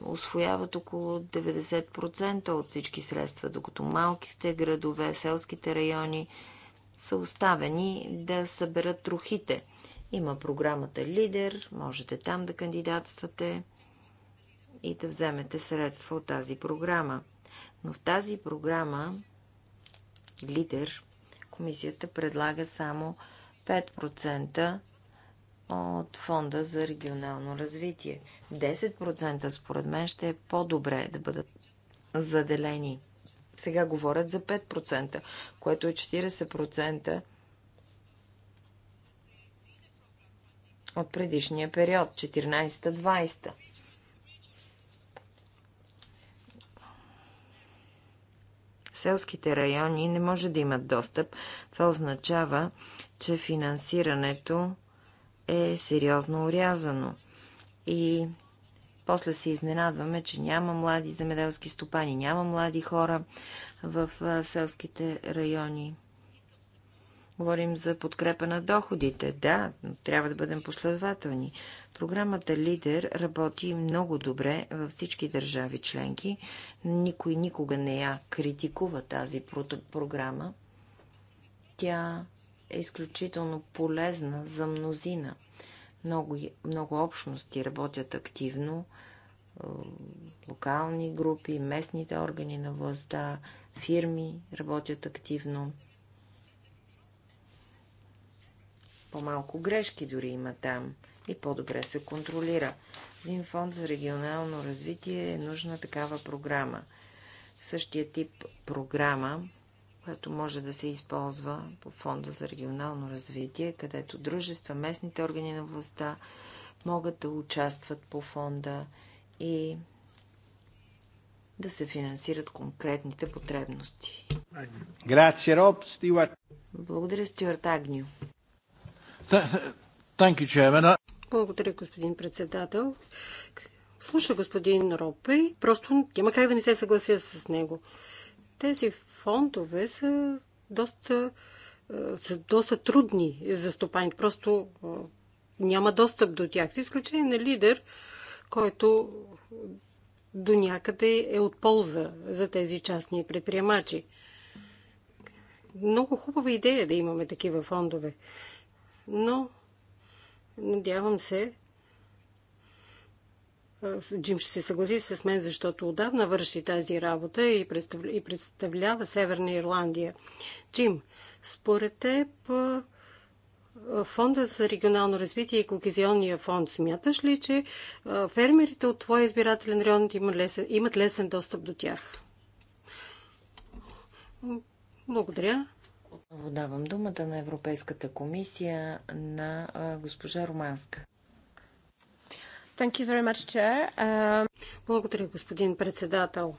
освояват около 90% от всички средства, докато малките градове, селските райони са оставени да съберат трохите. Има програмата Лидер, можете там да кандидатствате и да вземете средства от тази програма. Но в тази програма Лидер комисията предлага само 5% от Фонда за регионално развитие. 10% според мен ще е по-добре да бъдат заделени. Сега говорят за 5%, което е 40% от предишния период, 14-20. Селските райони не може да имат достъп. Това означава, че финансирането е сериозно урязано. И после се изненадваме, че няма млади земеделски стопани, няма млади хора в селските райони. Говорим за подкрепа на доходите. Да, но трябва да бъдем последователни. Програмата Лидер работи много добре във всички държави членки. Никой никога не я критикува тази програма. Тя е изключително полезна за мнозина. Много, много общности работят активно, локални групи, местните органи на властта, фирми работят активно. По-малко грешки дори има там и по-добре се контролира. Един фонд за регионално развитие е нужна такава програма. Същия тип програма което може да се използва по Фонда за регионално развитие, където дружества, местните органи на властта могат да участват по фонда и да се финансират конкретните потребности. Грация, Роб Стюарт. Благодаря, Стюарт Агню. Uh, Благодаря, господин председател. Слуша господин Роб и просто няма как да не се съглася с него. Тези фондове са доста, е, са доста трудни за стопаните. Просто е, няма достъп до тях. С изключение на лидер, който до някъде е от полза за тези частни предприемачи. Много хубава идея да имаме такива фондове. Но надявам се Джим ще се съгласи с мен, защото отдавна върши тази работа и представлява Северна Ирландия. Джим, според теб фонда за регионално развитие и кохезионния фонд, смяташ ли, че фермерите от твоя избирателен район имат лесен, имат лесен достъп до тях? Благодаря. Отново давам думата на Европейската комисия на госпожа Романска. Much, um, Благодаря, господин председател.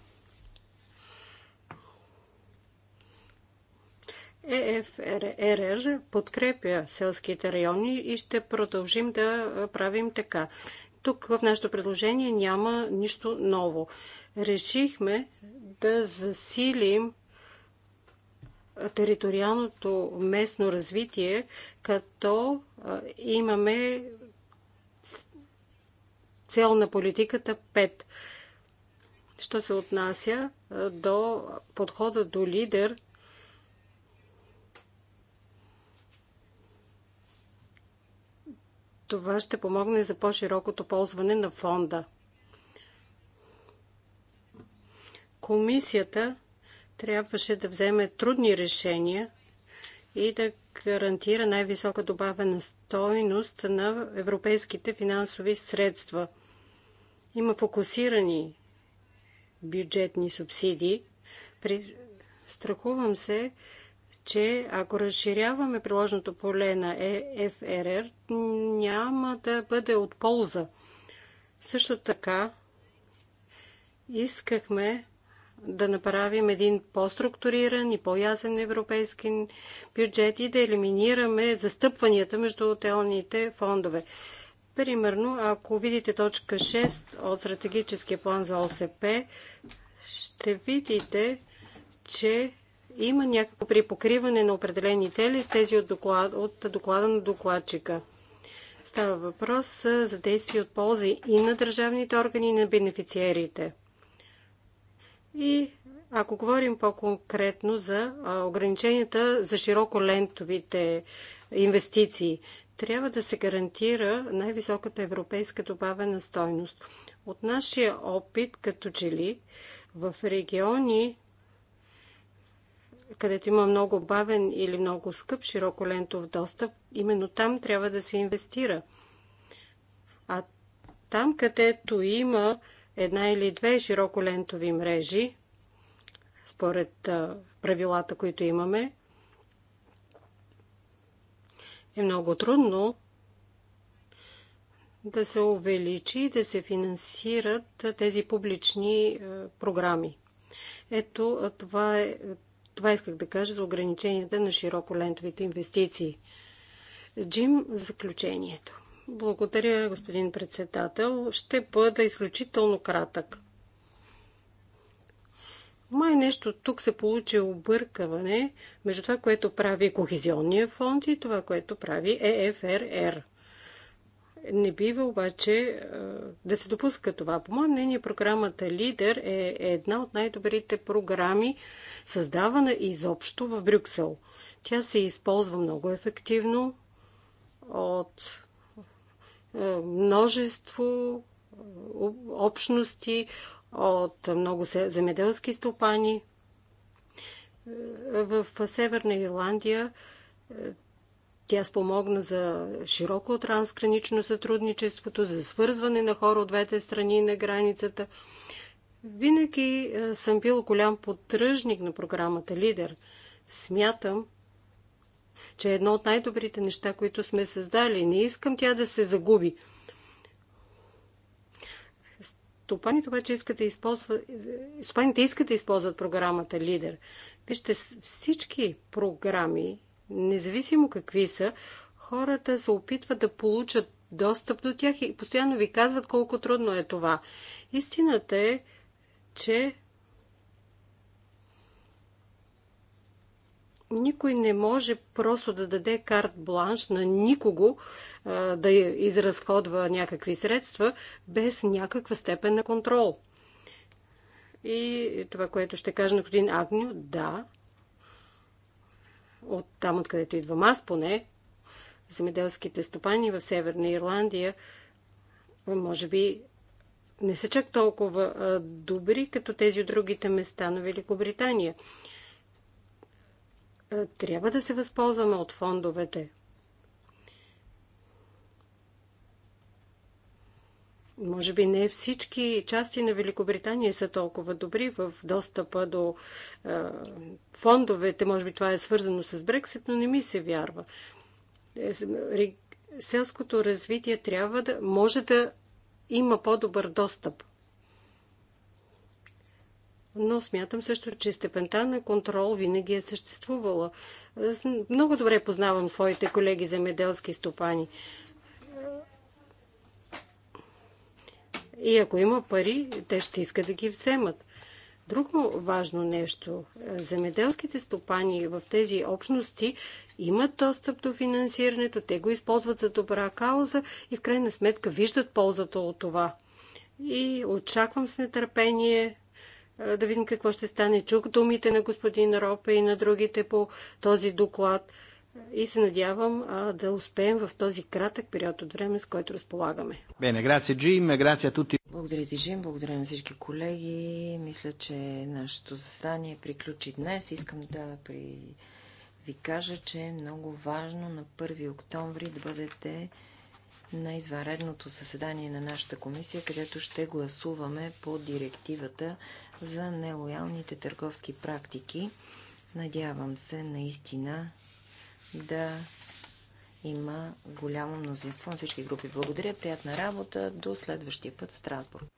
Е ЕФРР подкрепя селските райони и ще продължим да правим така. Тук в нашето предложение няма нищо ново. Решихме да засилим териториалното местно развитие, като имаме цел на политиката 5. Що се отнася до подхода до лидер, това ще помогне за по-широкото ползване на фонда. Комисията трябваше да вземе трудни решения – и да гарантира най-висока добавена стойност на европейските финансови средства. Има фокусирани бюджетни субсидии. При... Страхувам се, че ако разширяваме приложното поле на ЕФРР, няма да бъде от полза. Също така искахме да направим един по-структуриран и по-ясен европейски бюджет и да елиминираме застъпванията между отделните фондове. Примерно, ако видите точка 6 от стратегическия план за ОСП, ще видите, че има някакво припокриване на определени цели с тези от доклада, от доклада на докладчика. Става въпрос за действие от ползи и на държавните органи, и на бенефициерите. И ако говорим по-конкретно за ограниченията за широколентовите инвестиции, трябва да се гарантира най-високата европейска добавена стойност. От нашия опит, като че ли в региони, където има много бавен или много скъп широколентов достъп, именно там трябва да се инвестира. А там, където има една или две широколентови мрежи, според правилата, които имаме, е много трудно да се увеличи и да се финансират тези публични програми. Ето, това, е, това исках да кажа за ограниченията на широколентовите инвестиции. Джим, заключението. Благодаря, господин председател. Ще бъда изключително кратък. Май нещо тук се получи объркаване между това, което прави Кохезионния фонд и това, което прави ЕФРР. Не бива обаче е, да се допуска това. По мое мнение, програмата Лидер е една от най-добрите програми, създавана изобщо в Брюксел. Тя се използва много ефективно от множество общности от много земеделски стопани. В Северна Ирландия тя спомогна за широко трансгранично сътрудничеството, за свързване на хора от двете страни на границата. Винаги съм бил голям поддръжник на програмата Лидер. Смятам, че е едно от най-добрите неща, които сме създали. Не искам тя да се загуби. Стопаните обаче искат да използват, стопаните искат да използват програмата Лидер. Вижте, всички програми, независимо какви са, хората се опитват да получат достъп до тях и постоянно ви казват колко трудно е това. Истината е, че никой не може просто да даде карт бланш на никого да изразходва някакви средства без някаква степен на контрол. И това, което ще кажа на господин Агню, да, от там, откъдето идвам аз поне, земеделските стопани в Северна Ирландия, може би не са чак толкова добри, като тези от другите места на Великобритания. Е, трябва да се възползваме от фондовете. Може би не всички части на Великобритания са толкова добри в достъпа до е, фондовете. Може би това е свързано с Брексит, но не ми се вярва. Е, селското развитие трябва да може да има по-добър достъп но смятам също, че степента на контрол винаги е съществувала. Много добре познавам своите колеги земеделски стопани. И ако има пари, те ще искат да ги вземат. Друго важно нещо. Земеделските стопани в тези общности имат достъп до финансирането, те го използват за добра кауза и в крайна сметка виждат ползата от това. И очаквам с нетърпение е, да видим какво ще стане. Чук думите на господин Ропе и на другите по този доклад и се надявам а, да успеем в този кратък период от време, с който разполагаме. Бене, грация Джим, грация тути. Благодаря ти, Джим, благодаря на всички колеги. Мисля, че нашето застание приключи днес. Искам да при... ви кажа, че е много важно на 1 октомври да бъдете на извънредното съседание на нашата комисия, където ще гласуваме по директивата за нелоялните търговски практики. Надявам се наистина да има голямо мнозинство на всички групи. Благодаря, приятна работа, до следващия път в Страсбург.